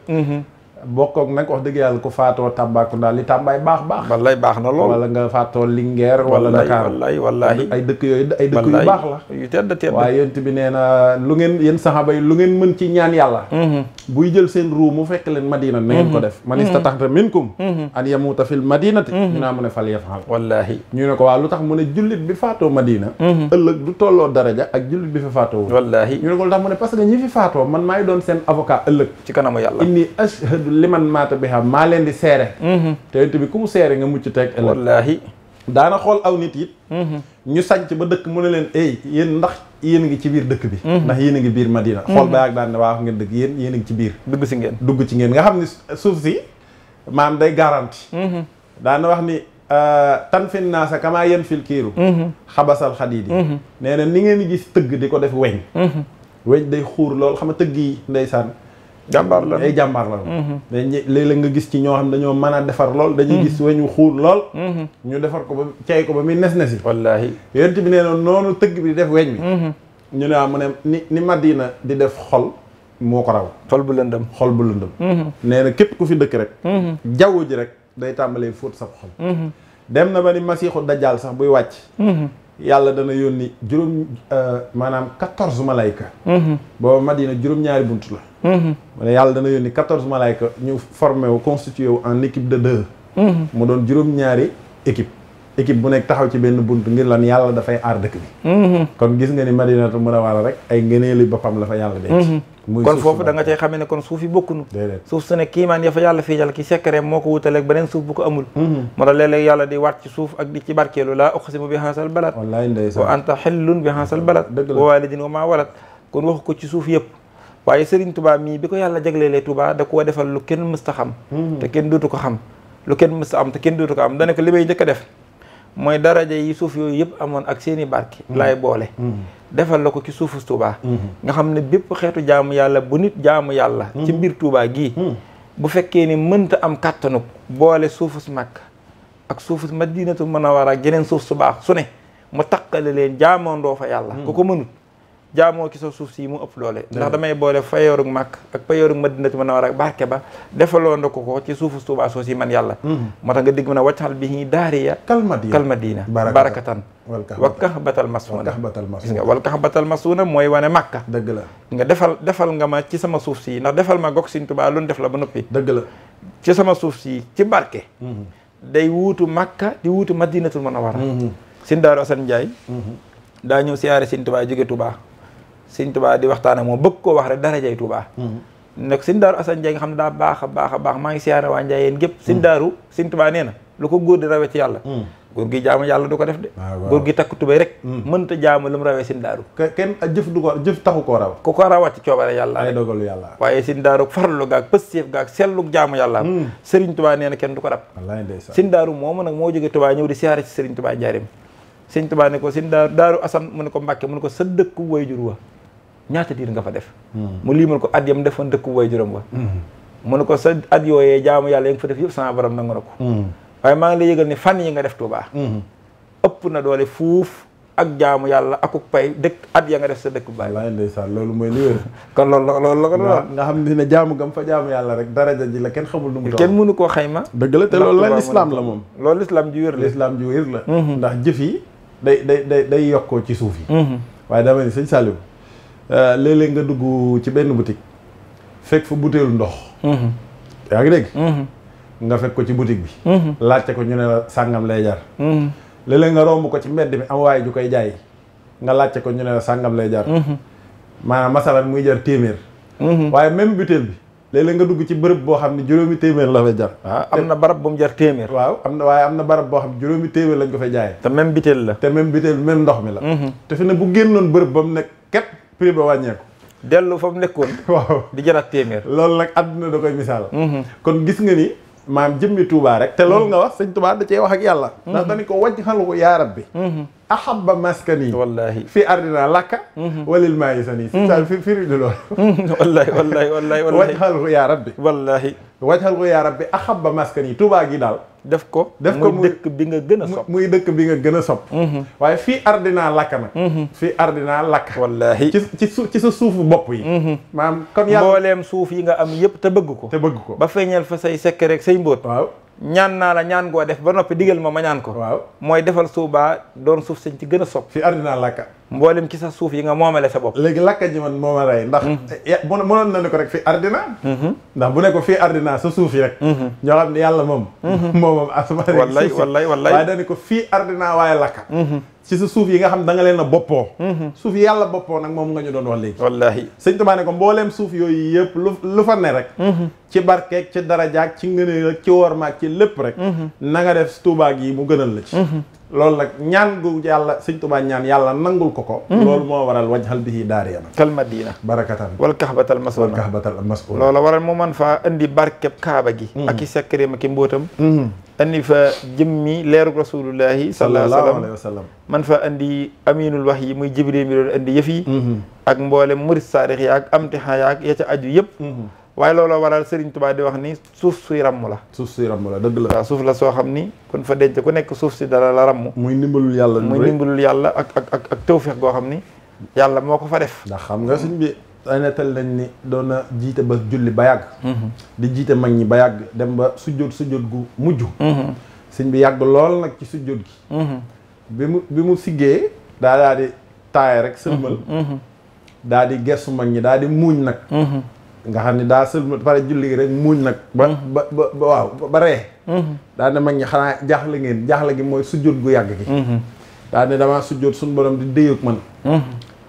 bokkook nag wax dëgg yàlla ku faatoo Tambacounda li Tàmbaay baax baax. wallaay baax na lool wala nga faatoo Linguère. wala Dakar wallaay wallaay ay dëkk yooyu ay dëkk yu baax la. yu tedd tedd waaye yonent bi nee na lu ngeen yéen saxaaba yi lu ngeen mën ci ñaan yàlla. Mm-hmm. buy jël seen ruu mu fekk leen Madina na ngeen ko mm-hmm. def. man mm-hmm. istataxta minkum. an yamuuta fil madinati. ñu ne ko waa lu tax mu ne jullit bi faatoo Madina. ëllëg du tolloo daraja ak jullit bi fi faatoo. wallaahi ñu ne ko lu tax mu ne parce ñi fi faatoo man bi liman maata bi xam maa leen di seere mhm. te yonent bi ku mu seere nga mucc teg wallaahi daana xool aw nit it mhm. ñu sanc ba dëkk mu ne leen ay yéen ndax yéen ngi ci biir dëkk bi mhm. ndax yéen a ngi biir Madina xool ba yàgg daan ne waaw ngeen dëkk yéen yéen a ngi ci biir dugg si ngeen dugg ci ngeen nga xam ne suuf si maam day garanti daana wax ni euh, tan fin naa sa kamaa yen fil kiiru xabasal xadiid yi nee na ni ngeen gis tëgg di ko def weñ weñ day xuur lool xam nga tëgg jàmbaar la ay jàmbaar la mhm. mais léeg-léeg nga gis ci ñoo xam dañoo mën a defar lool mhm. dañuy gis weñu xuur lool mhm. ñu defar ko ba cay ko ba muy nes nesi wallaahi yonent bi nee noonu noonu tëgg bi di def weñ bi ñu ne waaw mu ne ni ni Madina di def xol moo ko raw xol bu lëndëm xol bu lëndëm nee na képp ku fi dëkk rek jaww ji rek day tàmbalee fóot sa xol dem na ba ni masiixu dajjaal sax buy wàcc yàlla dana yónni juróom euh, maanaam quatorze malayka booba Madina juróom-ñaari bunt la mu mm-hmm. ne yàlla dana yónni quatorze malaayka ñu formé wu constitué wu en équipe de deux. Mm-hmm. mu doon juróom-ñaari équipe équipe bu nekk taxaw ci benn bunt ngir lan yàlla dafay aar dëkk bi. Mm-hmm. kon gis nga ni Madinatu Munawwara rek ay ngëneeli boppam la fa yàlla denc. muy kon foofu da nga cay xamee kon suuf yi bokkuñu. suuf su ne kiimaan ya fa yàlla fii jàll ki secret moo ko wutaleeg beneen suuf bu ko amul. moo tax léeg-léeg yàlla di waat ci suuf ak di ci barkeelu waaye Serigne Touba mii bi ko yàlla jagleelee Touba da koo defal lu kenn mësta xam hmm. te kenn dootu ko xam lu kenn mësta am te kenn dootu ko am dana ko li may njëkk def mooy daraja yi suuf yooyu yëpp amoon ak seeni barke hmm. laay boole hmm. defal la ko ci suufu Touba nga xam ne bépp xeetu jaamu yàlla bu nit jaamu yàlla ci biir tuubaa gi bu fekkee ni mënta am kàttanu boole su mag ak suufus a war a yeneen suuf su baax su ne mu takkale leen jaamoondoo yàlla ku ko mënut jaamoo ki sa suuf si mu ëpp doole ndax damay boole fayoorug màkk ak fayoorug madinati mën a war ak barke ba defaloon na ko ko ci suufu Tuubaa soo si man yàlla mhm. moo tax nga dégg mën a waccal bi ñuy daariya kalmadina barakatan wa kaxbatal masuna gis nga wal kaxbatal masuna mooy wane màkka dëgg la nga defal defal nga ma ci sama suuf si ndax defal ma gog sin Tuubaa lu def la ba noppi dëgg la ci sama suuf si ci barke mhm. day wuutu màkka di wuutu madinatul mën a war mhm. sin daaru Asan Njaay daa ñëw siyaare sin Tuubaa jóge Tuubaa sëñ Touba di waxtaan moo moom bëgg koo wax rek darajay Touba hmm. nag sëñ Daaru Assane Ndiaye nga xam ne daa baax baax a maa ngi siyaare waa Ndiaye yéen hmm. Daaru sëñ ko góor di rawe yàlla hmm. yàlla du ko def de góor gi takk rek mënta jaamu lu mu rawee sin daaru kenn jëf du ko jëf taxu koo raw ku ko rawat ci yàlla ay dogalu waaye sin daaru farlu gaag pësteef gaag sellu jaamu yàlla nee kenn du ko rab wallaahi ndeysaan moo jóge Touba ñëw di siyaare ci Serigne ne ko sin daaru Daaru Assane mu ne ko Mbàkke mu ne ko sa wa ñaata diir nga fa def hmm. mu liimal ko at yam defoon dëkku way juróom ba hmm. mu ne ko sa at yooyee jaamu yàlla yi nga fa def yëpp sama borom nangu na ko hmm. waaye maa ngi lay yëgal ne fan yi nga def Tuubaa ëpp na doole fuuf ak jaamu yàlla akuk pay dëkk at ya nga def sa dëkk baay wallaay ndeysaan loolu mooy li wér kon loolu loolu la ko doon nga xam ne jaamu gam fa jaamu yàlla rek daraja kenn mënu koo xayma dëgg la te loolu la lislaam la moom loolu lislaam ji la lislaam ji la ndax jëf yi day day day day yokkoo ci suuf yi waaye dama sëñ Saliou Euh, léeg-léeg nga dugg ci benn boutique fekk fa butéelu ndox. Mhm. yaa ngi dégg. Mhm. nga fekk ko ci boutique bi. Mhm. laajte ko ñu ne la sàngam lay jar. léeg-léeg nga romb ko ci mbedd mi am waaye ju koy jaay nga laajte ko ñu ne la sàngam lay jar. maanaam masalan muy jar téeméer. waaye même butéel bi. léeg-léeg nga dugg ci bërëb boo xam ne juróomi téeméer la fay jar. waaw ah, am na barab bu mu jar téeméer. waaw am na waaye am na barab boo xam ne juróomi téeméer lañ ko fay jaayee. te même butéel la. te même butéel ndox la. te bu génnoon bërëb ba mu nekk prix ba wàññeeku. dellu fa mu nekkoon. waaw di jëlaat téeméer. loolu nag àdduna da koy misaal. Mm-hmm. kon gis nga ni maam jëmmi Touba rek. te loolu nga wax sëñ Touba da cee wax ak yàlla. Mm-hmm. ndax dañu ko wàññi xalu ko yaarab bi. Mm-hmm. ahabba maskani wallaahi fi ardina lakka mhm. walil maayi sani mhm. sa fi firidu loolu mhm. wallaahi wallaahi wallaahi wajxalhu yaa rabbi wallaahi wajxalhu yaa rabbi ahabba maskani tubaa gi daal def ko def ko muy dëkk bi nga gën a sopp dëkk bi nga gën a sopp waaye fii ardina lakka nag fii ardina lakka wallaahi ci ci su ci sa suufu bopp yi maanaam kon yàlla mbooleem suuf yi nga am yëpp te bëgg ko te bëgg ko ba feeñal fa say sekk rek say mbóot ñaan naa la ñaan goo def ba noppi digal ma ma ñaan ko waaw mooy defal suubaa doon suuf sañ ci gën a sopp fi ardinaa làkka mboolem ci sa suuf yi nga moomale sa bopp léegi làkka ji man mooma rey ndax mm-hmm. mënoon na ne ko rek fi ardina mm-hmm. ndax bu ne ko fii ardina sa suuf yi rek mm-hmm. ñoo xam ne yàlla moom moomam asamaan wallaay wallaay leen a boppoo suuf yi yàlla boppoo nag moom nga ñu doon wax léegi sëñ Tuubaa ne ko mbooleem suuf yooyu yëpp lu lu fa ne rek ci barkeeg ci darajaag ci ngëneel ak ci wormaag ci lépp rek mhm. na nga def Touba gi mu gënal la ci mhm. loolu nag ñaan gu yàlla sëñ Touba ñaan yàlla nangul ko ko mhm. loolu moo waral wajhal bihi daariyana kal madina barakatan wal kahbatal masuna wal kahbatal masuna loolu waral mu man fa indi barkeb kaaba gi ak i sekkareem ak i mbóotam andi fa jëmmi leerug rasulullahi sallallahu wa man fa andi aminul wax yi muy jibril mi doon andi yëf yi ak mboolem murid saarix yaag amtiha yaag ya ca aju yëpp waaye looloo waral Serigne Touba di wax ni suuf suy ramm la. suuf suy ramm la dëgg la. waaw suuf la soo xam ni kon fa ku nekk suuf si dara la ramm. muy ndimbalul yàlla. muy ndimbalul yàlla ak ak ak ak tawfeex goo xam ni yàlla moo ko fa def. ndax xam nga suñ bi ay nettal nañ ni doon na jiite ba julli ba yàgg. Mhm. di jiite mag ñi ba yàgg dem ba sujjóot sujjóot gu mujj. Mhm. sëñ bi yàgg lool nag ci sujjóot gi. Mhm. bi mu bi mu siggee daa daa di taay rek sëlmal. daa di gestu mag ñi daa di muuñ nag. nga xam ne daa sëlma pare julli gi rek muuñ nag ba mm. ba ba waaw ba ree mm-hmm. daa ne mag ñi xanaa jaaxle ngeen jaaxle gi mooy sujjóot gu yàgg gi mm-hmm. daa ne damaa sujjóot suñu borom di déyoog man mm-hmm.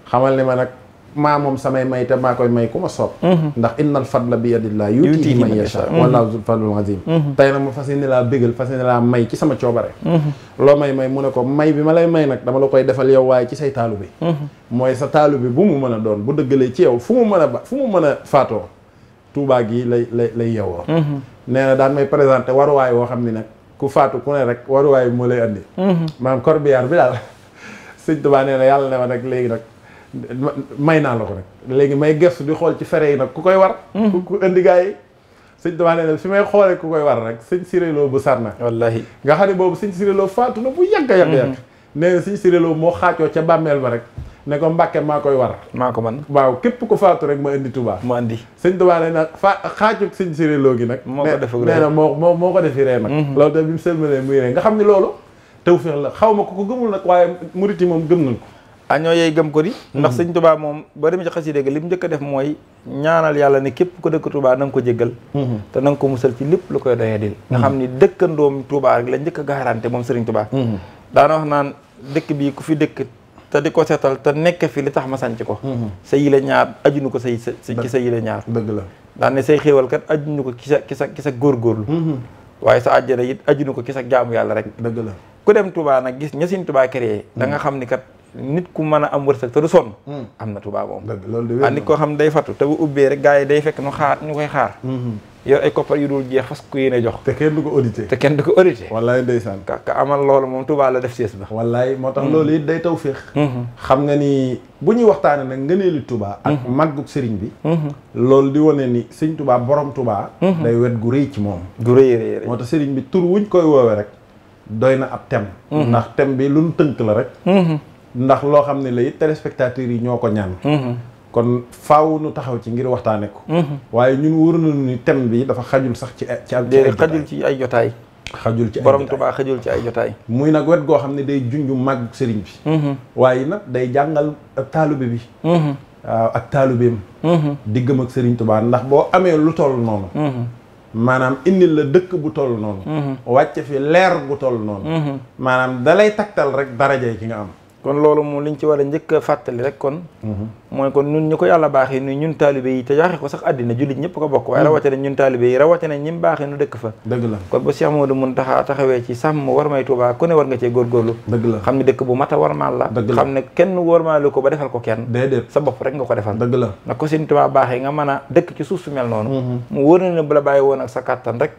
xamal ne ma nag maa moom samay may te maa koy may ku ma soob mhm. ndax innal fadla bi yadillah yuutihi man yasha wallahu zul fadlul azim mhm. tey nag ma fas yéene laa bégal fas yéene laa may ci sama coobare mhm. loo may may mu ne ko may bi ma lay may nag dama la koy defal yow waaye ci say taalu bi mooy sa taalu bi bu mu mën a doon bu dëggalee ci yow fu mu mën a ba fu mu mën a faatoo tuubaa gi lay lay lay yowoo nee na daan may présenté waruwaay woo xam ni nag ku faatu ku ne rek waruwaay bi lay andi maanaam corbillard bi daal sëñ Tuubaa nee may naa la ko rek léegi may gestu di xool ci fere yi nag ku koy war mm. ku indi gars yi sëñ damaa nee na fi may xoolee ku koy war rek sëñ siréloo bu sarna wallahi nga xam ne boobu sëñ siréloo faatu na bu yàgg yàgg yàgg mm-hmm. nee na sëñ moo xaacoo ca bàmmeel ba rek ne ko mbàkke maa koy war maa ko man waaw képp ku faatu rek ma indi tubaa ma indi sëñ tubaa nee na fa xaacug sëñ siréloo gi nag nee na moo moo moo ko defi ree nag mm-hmm. loolu da bi mu nga xam ne loolu tawfeex la xaw ma ko ko gëmul nag waaye murit yi moom gëm nañ ko a ah añoo yey gëm ko di mm-hmm. ndax sëñ tubaa moom ba dem ci xasida ga li mu njëkk def mooy ñaanal yàlla ne képp ko dëkk tubaa na nga ko jéggal mm-hmm. te na nga ko musal ci lépp lu koy doyee dil nga mm-hmm. xam ni dëkkandoom tubaa rek la njëkk a garanté moom sëriñ tubaa daana wax naan dëkk bi ku fi dëkk te di ko seetal te nekk fi li tax ma sanc ko sa yi la ñaar ajunu ko say ci sa yi la dëgg la daane say xéewal kat ajunu ko ki sa ki sa ki sa waaye sa àjjana it ajunu ko ki sa yàlla rek dëgg la ku dem tubaa nag gis ña sin tubaa créé da nga xam ni kat nit ku mën a am wërsëg te du sonn. Hmm. am na Touba moom. dëgg nit koo xam day fattu te bu ubbee rek gars yi day fekk nu xaar ñu koy xaar. Hmm. yor ay koppar yu dul jeex fas ku yéene jox. te kenn du ko audité. te kenn du ko audité. wallaay ndeysaan. ka ka amal loolu moom Touba la def sees ba. wallaay moo tax hmm. loolu it day taw féex. xam nga ni bu ñuy waxtaanee nag ngëneelu Touba. ak màggug sëriñ bi. loolu di wane ni sëñ Touba borom Touba. day wet gu rëy ci moom. gu rëy rëy ndax loo xam ne la it téléspectateurs yi ñoo ko ñaan mhm. kon faaw nu taxaw ci ngir waxtaane ko mhm. waaye ñun wóor nañu ni thème bi dafa xajul sax ci ci ak xajul ci ay jotaay xajul ci ay borom Tuubaa xajul ci ay jotaay muy nag wet goo xam ne day junj màgg sëriñ bi mhm. waaye nag day jàngal taalube bi waaw ak taalubeem diggam ak sëriñ Tuubaa ndax boo amee lu toll noonu maanaam indil la dëkk bu toll noonu wàcc fi leer bu toll noonu maanaam dalay taktal rek darajay ki nga am kon loolu moom liñ ci war a njëkk a fàttali rek kon mhm. mooy kon nun ñu ko yàlla baaxee ni ñun taalibe yi te joxe ko sax àddina jullit ñëpp ko bokk waaye mhm. rawatina ñun taalibe yi rawatina ñim baaxee nu dëkk fa dëgg la kon ba Cheikh Modou Mountakha taxawee ci sàmm war may Tuubaa ko ne war nga cee góorgóorlu dëgg la xam ne dëkk bu mat a warmaal la xam ne kenn warmaalu ko ba defal ko kenn sa bopp rek nga ko defal dëgg la na ko seen Tuubaa baaxee nga mën a dëkk ci suuf su mel noonu mhm. mu wóor na ne la bàyyi woon ak sa kàttan rek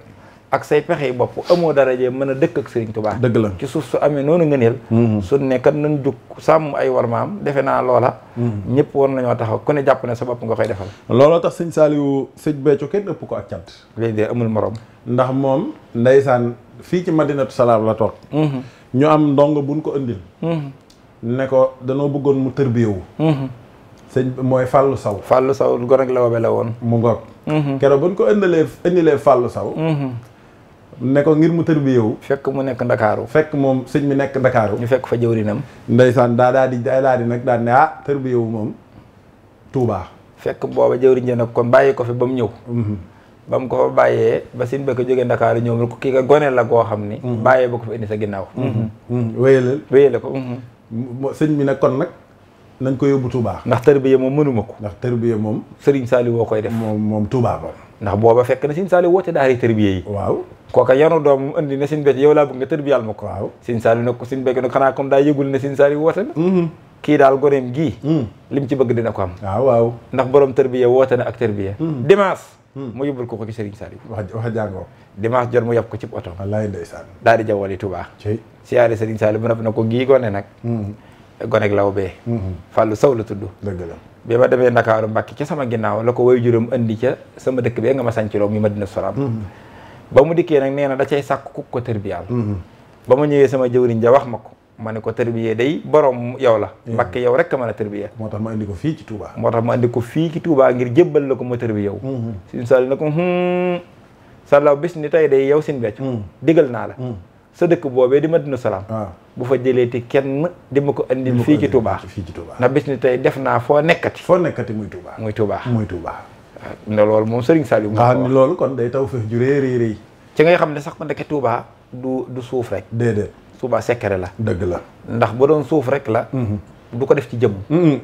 ak say pexe bopp amoo dara jee mën a dëkk ak Serigne Touba. dëgg la ci suuf su amee noonu ngëneel. Mhm. su nekkat nañ jug sàmm ay war maam defe naa loola. Mhm. ñëpp war nañoo taxaw ku ne jàpp ne sa bopp nga koy defal. looloo tax sëñ Saliou sëñ Béthio kenn ëpp ko ak cant. léegi de amul morom. ndax moom ndeysaan fii ci Madinatu Salaam la toog. Mhm. ñu am ndongo buñ ko indil. ne ko danoo bëggoon mu tërbiyewu. sëñ mooy Fallou Saw. Fallou Saw gor ak la wobe la woon. mu ngoog. ko indilee indilee Fallou Saw. ne ko ngir mu tërbiyewu fekk mu nekk ndakaaru fekk moom sëñ bi nekk ndakaaru ñu fekk fa jëwrinam ndeysaan daa daa di daa di nag daan ne ah tërbiyewu moom Touba. fekk booba jëwriñ ja nag kon bàyyi ko fi ba mu ñëw mm-hmm. ba mu ko fa bàyyee ba sin bëgg jógee ndakaaru ñëw ko kii ka gone la goo xam ni mm-hmm. bàyyee ba indi sa ginnaaw mm-hmm. wéyalal wéyale ko sëñ bi nag kon nag nañ ko yóbbu Touba. ndax tërbiye moom mënuma ko ndax tërbiye moom Serigne Saliou woo koy def moom moom Touba ndax booba fekk na Serigne Saliou woote daari tërbiye yi waaw kooka yanu doom mu indi ne sin becc yow laa bëgg nga tërbiyal ma ko waaw sin ko sin becc nag xanaa kon daa yëgul ne sin saali woote na mm-hmm. kii daal goneem gii mm. lim ci bëgg dina ko am waaw waaw ndax borom tërbiya woote na ak tërbiya mm-hmm. dimanche mm-hmm. mu yóbbul ko ko ci Serigne Saliou wax wax jàngoo dimanche jot mu yab ko ci oto wallaay ndeysaan daal di jawwali Touba siyaare Serigne Saliou bu noppi na ko gii gone nag gonek law bee Fallou saw la tudd dëgg la bi ma demee Ndakaaru Mbàkke ca sama ginnaaw la ko way juróom indi ca sama dëkk bee nga ma sanciloo muy Madina Soram ba mu dikkee nag nee na da cay sàkk ku ko tërbiyaal mhm. ba ma ñëwee sama jëwriñ ja wax ma ko ma ne ko tërbiyee day borom yow la mbakk yow rek a mën a tërbiyee moo tax ma indi ko fii ci Touba moo tax ma indi ko fii ci Touba ngir jébbal la ko ma tërbi yow mhm. suñ sali na ko hmm, sàllaw bis ni tey day yow sin becc mhm. digal naa la sa dëkk boobee di ma Madina Salaam ah. bu fa jëlee jëleeti kenn di ma ko andil fii ci Touba fii ci Touba bis ni tey def naa foo nekkati foo nekkati muy Touba muy Touba muy Touba ne ah, loolu moom Serigne Saliou. nga xam ne loolu kon day taw feex ju rëy rëy rëy ci ngay xam ne sax ndeke Touba du du suuf rek. déedéet Touba secret la. dëgg la ndax ba doon suuf rek la. Mhm. du ko def ci jëmm. Mhm.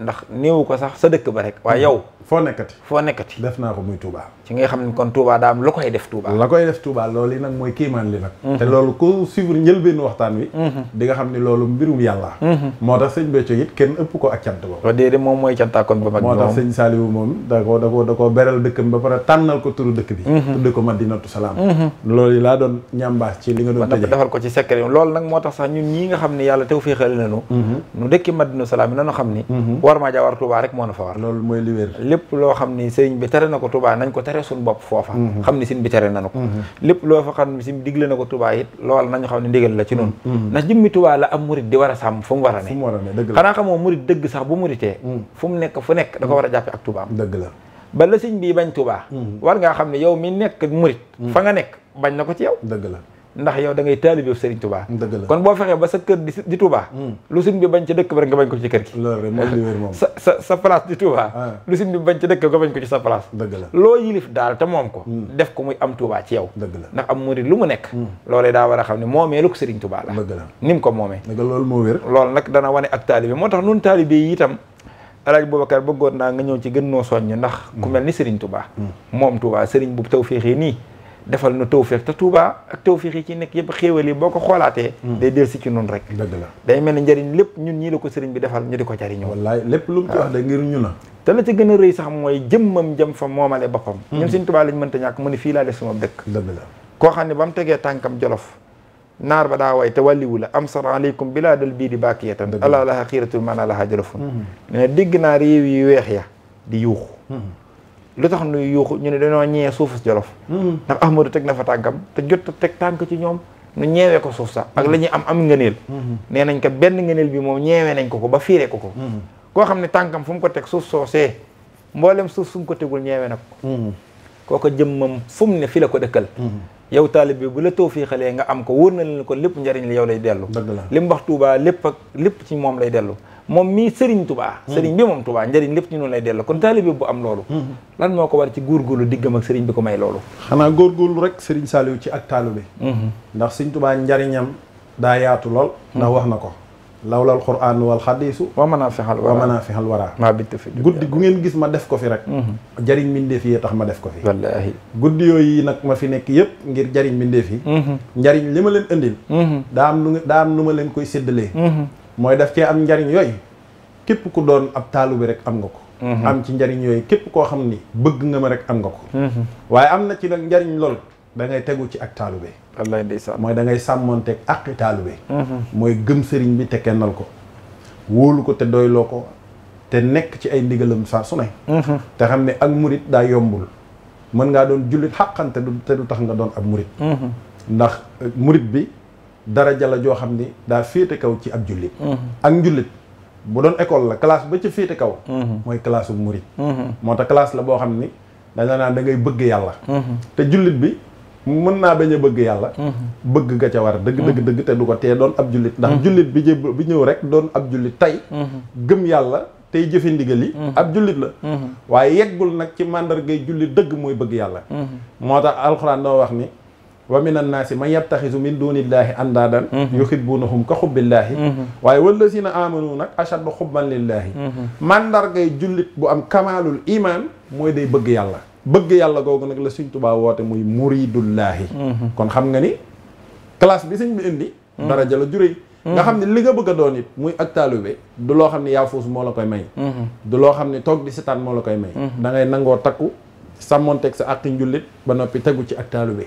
ndax néewu ko sax sa dëkk ba rek waaye mhm. yow. foo nekkati foo nekkati def naa ko muy Touba. ci ngay xam ne kon Touba daa am lu koy def Touba la koy def Touba loolu yi nag mooy kiimaan li nag mhm. te loolu ku suivre njëlbéenu waxtaan wi mhm. di nga xam ne loolu mbirum yàlla mhm. moo tax sëñ Béthio it kenn ëpp ko ak cant boobu déedéet moom mooy cantaa kon ba mag moo tax sëñ Saliou moom da ko da ko beral dëkkam ba pare tànnal ko turu dëkk bi tudde ko Madinatu Salaam loolu yi laa doon ñambaas ci li nga doon tëjee defal nag moo tax sax ñun ñii nga xam ne yàlla tew féexal nañu nu dëkki lépp loo xam ni sëriñ bi tere na ko Touba nañ ko tere suñu bopp foofa mhm. xam ni sin bi tere nañu ko mhm. lépp loo fa xam ni sin digle na ko Touba it lool nañu xam ne ndigal la ci noonu mhm. ndax jëmmi Touba la am murit di war a sàmm fu mu war a ne xanaa xamoo murit dëgg sax bu muritee fu mu nekk fu nekk da war a jàppe ak Touba am dëgg la ba la sëriñ bii bañ tubaa war ngaa xam ne yow mi nekk murit fa nga nekk bañ na ko ci yow dëgg la ndax yow da ngay taalibe Serigne Touba kon boo fexee ba sa kër di Touba hmm. lu sin bi bañ ci dëkk bi rek nga bañ ko ci kër gi sa sa sa place di Touba ah. lu sin bi bañ ci dëkk nga ko ci sa place loo yilif daal te moom ko hmm. def ko muy am Touba ci yow ndax am murid lu mu nekk hmm. loolee daa war a xam ne moomee lu ko Serigne Touba la ni mu ko moomee loolu moo wér loolu nag dana wane ak taalibe moo tax nun taalibe yi itam alaaj Boubacar bëggoon naa nga ñëw ci gën noo soññ ndax ku mel ni Serigne Touba moom Touba Serigne bu tawféexee nii defal nu tawféex te Touba ak tawféex yi ci nekk yëpp xéewal yi boo ko xoolaatee. Mm. day del si ci noonu rek. dëgg la day mel ni njëriñ lépp ñun ñii la ko sëriñ bi defal ñu di ko jariñoo. wallaay lépp lu mu ci wax ngir ñu la. te la ci gën a rëy sax mooy jëmmam jëm fa moomale boppam. Mm. ñun suñ Touba lañ mënta ñàkk mu ne fii laa def sama dëkk. dëgg la koo xam ne ba mu tegee tànkam jolof. naar ba daa way te wàlliwu la am sar aleykum bilaa dal bii di bàkkiyatan alaa laha xiiratul maanaa laha jolofun mm-hmm. ne dégg naa réew yi weex ya di yuuxu mm-hmm. lu tax nuy yuuxu ñu ne dañoo ñee suufu jolof hmm. ndax Ahmadou teg na fa tànkam te jot teg tànk ci ñoom nu ñeewee ko suuf sax ak hmm. la ñuy am am ngëneel hmm. nee nañ ko benn ngëneel bi moom ñeewee nañ ko ko ba fiiree ko ko koo xam ne tànkam fu mu ko teg suuf soosee mboolem suuf su mu ko tegul ñeewee na ko kooko jëmmam fu mu ne fi la ko dëkkal yow taalib bi bu la tawfiixalee nga am ko wóor na leen ko lépp njariñ li yow lay dellu li mu wax Tuubaa lépp ak lépp ci moom lay dellu moom mii Serigne Touba. Hmm. Serigne bi moom Touba njëriñ lépp ci noonu lay delloo kon taalibe bu am loolu. Hmm. lan moo ko war ci góorgóorlu diggam ak Serigne bi ko may loolu. xanaa góorgóorlu rek Serigne Saliou ci ak taalibe. Hmm. ndax Serigne Touba njariñam daa yaatu lool. ndax wax na ko. lawlal quraan wal xadiisu. wa manaafi'al a wa manaafi'al waraa. maa bitt fi guddi gu ngeen gis ma def ko fi rek. jariñ mbindeef yi tax ma def ko fi. wallaahi guddi yooyu nag ma fi nekk yëpp ngir jariñ mbindeef yi. njariñ li ma leen indil. daa am lu daa mooy daf cee am njariñ yooyu képp ku doon ab taalibe rek am nga ko mhm. am ci njariñ yooy képp koo xam ni bëgg nga ma rek am nga ko mhm. waaye am na ci nag njariñ lool da ngay tegu ci ak taalibe wallaay ndeysaan mooy da ngay sàmmoonteeg àqi taalibe mhm. mooy gëm sëriñ bi te kennal ko wóolu ko te doyloo ko te nekk ci ay ndigalam saa su ne te xam ne ak murit daa yombul mën ngaa doon jullit xàqante te du tax nga doon ab murit ndax eh, murit bi daraja la joo xam ni daa féete kaw ci ab jullit mhm. ak njullit bu doon école la classe ba ca féete kaw mhm. mooy classe bu mhm. moo tax classe la boo xam ni dañ la naan da ngay bëgg yàlla te jullit bi mën naa bañ a bëgg yàlla bëgg ga ca war dëgg dëgg dëgg te du ko tee doon ab jullit ndax jullit bi jë bi ñëw rek doon ab jullit tey gëm yàlla tey jëfe ndigal ab jullit la waaye yeggul nag ci màndargay jullit dëgg mooy bëgg yàlla moo tax alxuraan doo wax ni wa min annaasi man yattaxisu min duunillaahi andaadan mhm. yuxibbuunahum ka xubbillaahi mhm. waaye wallazina aamanu nag ashaddu xubban lillaahi mandargay mhm. jullit bu am kamaalul imaan mooy day bëgg yàlla bëgg yàlla googu nag la Sëñ Tuubaa woote muy muridullaahi kon xam nga ni classe bi sëñ bi indi daraja la juréy nga xam ne li nga bëgg doon it muy ak taalibe du loo xam ne yaa fuus moo la koy may du loo xam ne toog di setaan moo la koy may da ngay nangoo takku sàmmonteeg sa àqi njullit ba noppi tegu ci ak taalibe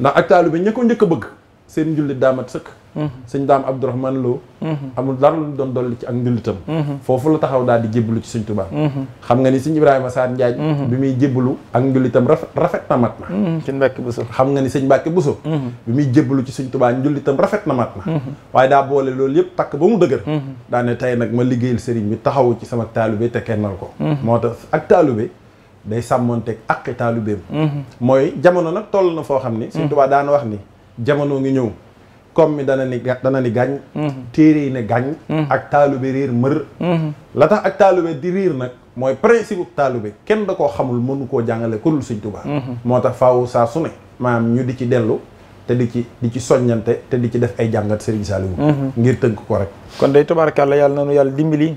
ndax ak taalibe ña ko njëkk a bëgg seen njullit daamat sëkk mhm. sëñ daam Abdourahmane Lo mhm. amul dara lu doon dolli ci ak njullitam mhm. foofu la taxaw daal di jébbalu ci sëñ Tuubaa xam nga ni sëñ Ibrahima Sarr Ndiaye bi muy jébbalu ak njullitam rafet rafet na mat na ni sëñ Mbàkke Buso bi muy jébbalu ci sëñ Tuubaa njullitam rafet na mat na waaye daa boole loolu yëpp takk ba mu dëgër daa ne tey nag ma liggéeyal sëriñ bi taxaw ci sama taalibe te kennal ko moo tax ak taalibe day sàmmoonteeg ak taalibeem mhm. mooy jamono nag toll na foo xam ni Sëñ mhm. Tuubaa daana wax ni jamono ngi ñëw comme mi dana ni dana ni gàññ mhm. téere yi ne gàññ ak taalube riir mër la tax ak taalube di riir nag mooy principe taalube kenn da ko xamul mënu koo jàngale ku dul Sëñ moo tax faaw saa su ne maanaam ñu di ci dellu te di ci di ci soññante te di ci def ay jàngat Serigne Saliou ngir tënk ko rek kon day tabaarkalla yàlla na nu yàlla dimbali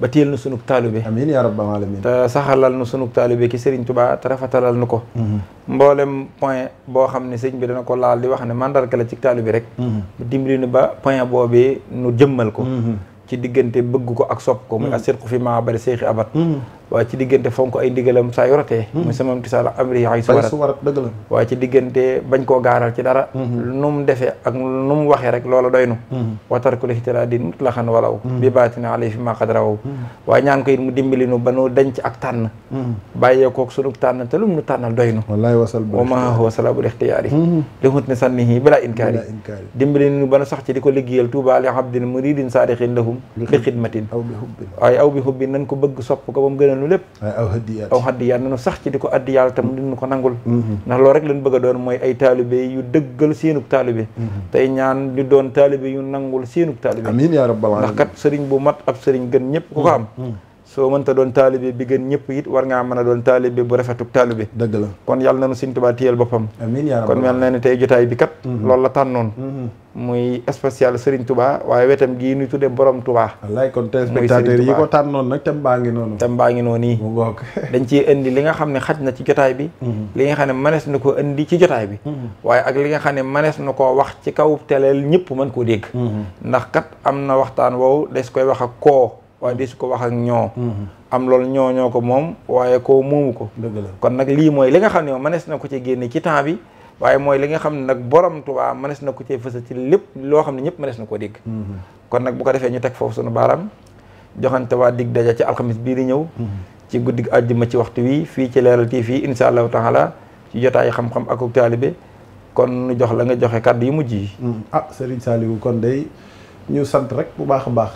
ba téyel nu sunug taalube amiin yaa rabbal aalamiin te saxalal nu sunug taalube ki sëriñ tubaa te rafetalal nu ko mhm. mboolem point boo xam ne sëñ bi dana ko laal di wax ne mandarga la ci bi rek mhm. dimbali nu ba point boobee nu jëmmal ko mhm. ci diggante bëgg ko ak sob ko muy asir ko fi maa bari seexi abat waa ci diggante fonk ay ndigalam saa yorotee hmm. mu samam ti sal amri ay su warat dëgg la waa ci diggante bañ koo gaaral ci dara hmm. nu mu defee ak nu mu waxee rek loola doy hmm. watar ku la xitala walaw bi baatina alay fi ma xadaraw waaye ñaan ko it mu dimbali ba nu denc ak tànn bàyyee kook sunu tànn te lum nu tànnal doy nu wallaay wasal wa ma huwa salabul ixtiyaari li xut ne sànnihi bila inkaari dimbali nu ba nu sax ci di ko liggéeyal tuuba li abdin muridin saadiqin lahum nu lépp aw haddiyaat nanu sax ci di ko addi yàlla tam dinu ko nangul mm-hmm. na loolu rek lañ bëgg doon mooy ay taalibe yu dëggal seenuk taalibe mm-hmm. tey ñaan ñu doon taalibe yu nangul seenuk taalibe amiin yaa rabbal alamin ndax kat sëriñ bu mat ab sëriñ gën ñëpp ku ko mm-hmm. am soo mënta doon taalibe bi gën ñëpp it war ngaa mën a doon taalibe bu rafetuk taalibe dëgg la kon yal nañu Sëriñ Tuubaa téyel boppam amiin yaa rabbi kon mel na ne tey jotaay bi kat mhm. loolu la tànnoon mhm. muy spécial Serigne Touba waaye wetam gii nuy tudde borom Touba wallaay kon téléspectateurs yi ko tànnoon nag tem baa ngi noonu tem baa ngi noonu yi dañ ciy indi li nga xam ne xaj na ci jotaay bi mhm. li nga xam ne manees na ko indi ci jotaay bi waaye ak li nga xam ne manees na koo wax ci kaw teleel ñëpp mën koo dégg ndax kat am na waxtaan woowu des koy wax ak koo waaye di su ko wax ak ñoo mm-hmm. am loolu ñoo ñoo ko moom waaye koo moomu ko kon nag lii mooy li nga xam ne moom mënees na ko ci génne ci temps bi waaye mooy li nga xam ne nag borom Tuubaa mënees na ko cee fësa lépp loo xam ne ñëpp mënees na ko dégg mm-hmm. kon nag bu ko defee ñu teg foofu sunu baaraam joxante waa dig daja ci alxamis bii di ñëw mm-hmm. ci guddi ma ci waxtu wi fii ci Leeral TV insha allahu taala ci jotaayi xam-xam ak taalibe kon nu jox la nga joxe kàddu yu mujj yi ah Serigne Saliou kon day ñu sant rek bu baax a baax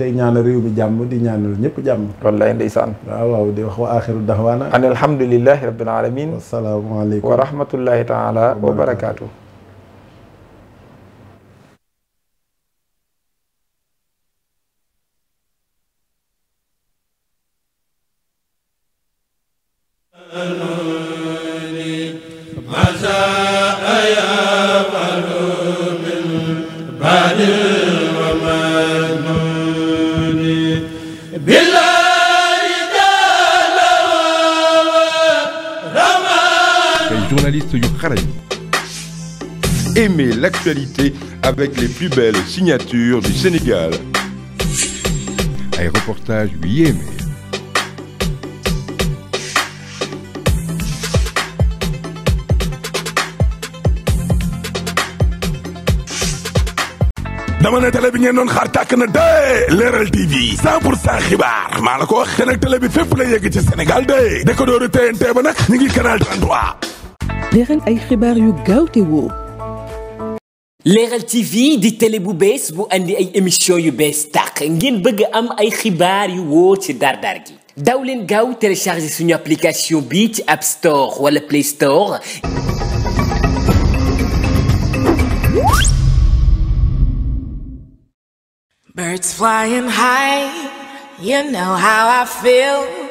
tey ñaanal réew mi jàmm di ñaanal ñëpp jàmm wallaay ndeysaan waaw waaw di wax wa axiru daxwaana an alhamdulillahi rabbil alamin wasalaamualeykum wa rahmatullahi taala wa barakaatu avec les plus Ay reportage yu yéeme. dama ne télé bi ngeen doon xaar tàkk na de leeral TV 100 pour cent xibaar maa la ko wax te nag télé bi fépp la yegg ci Sénégal de décodeur TNT ba nag ñu ngi canal 33. leeral ay xibaar yu gaaw te woo leeral tv di télé bu bees bu andi ay émission yu bees tàq ngeen bëgg am ay xibaar yu wóor ci dardar gi daw leen gaaw téléchargé suñu application bi ci app store wala play store you know how I feel.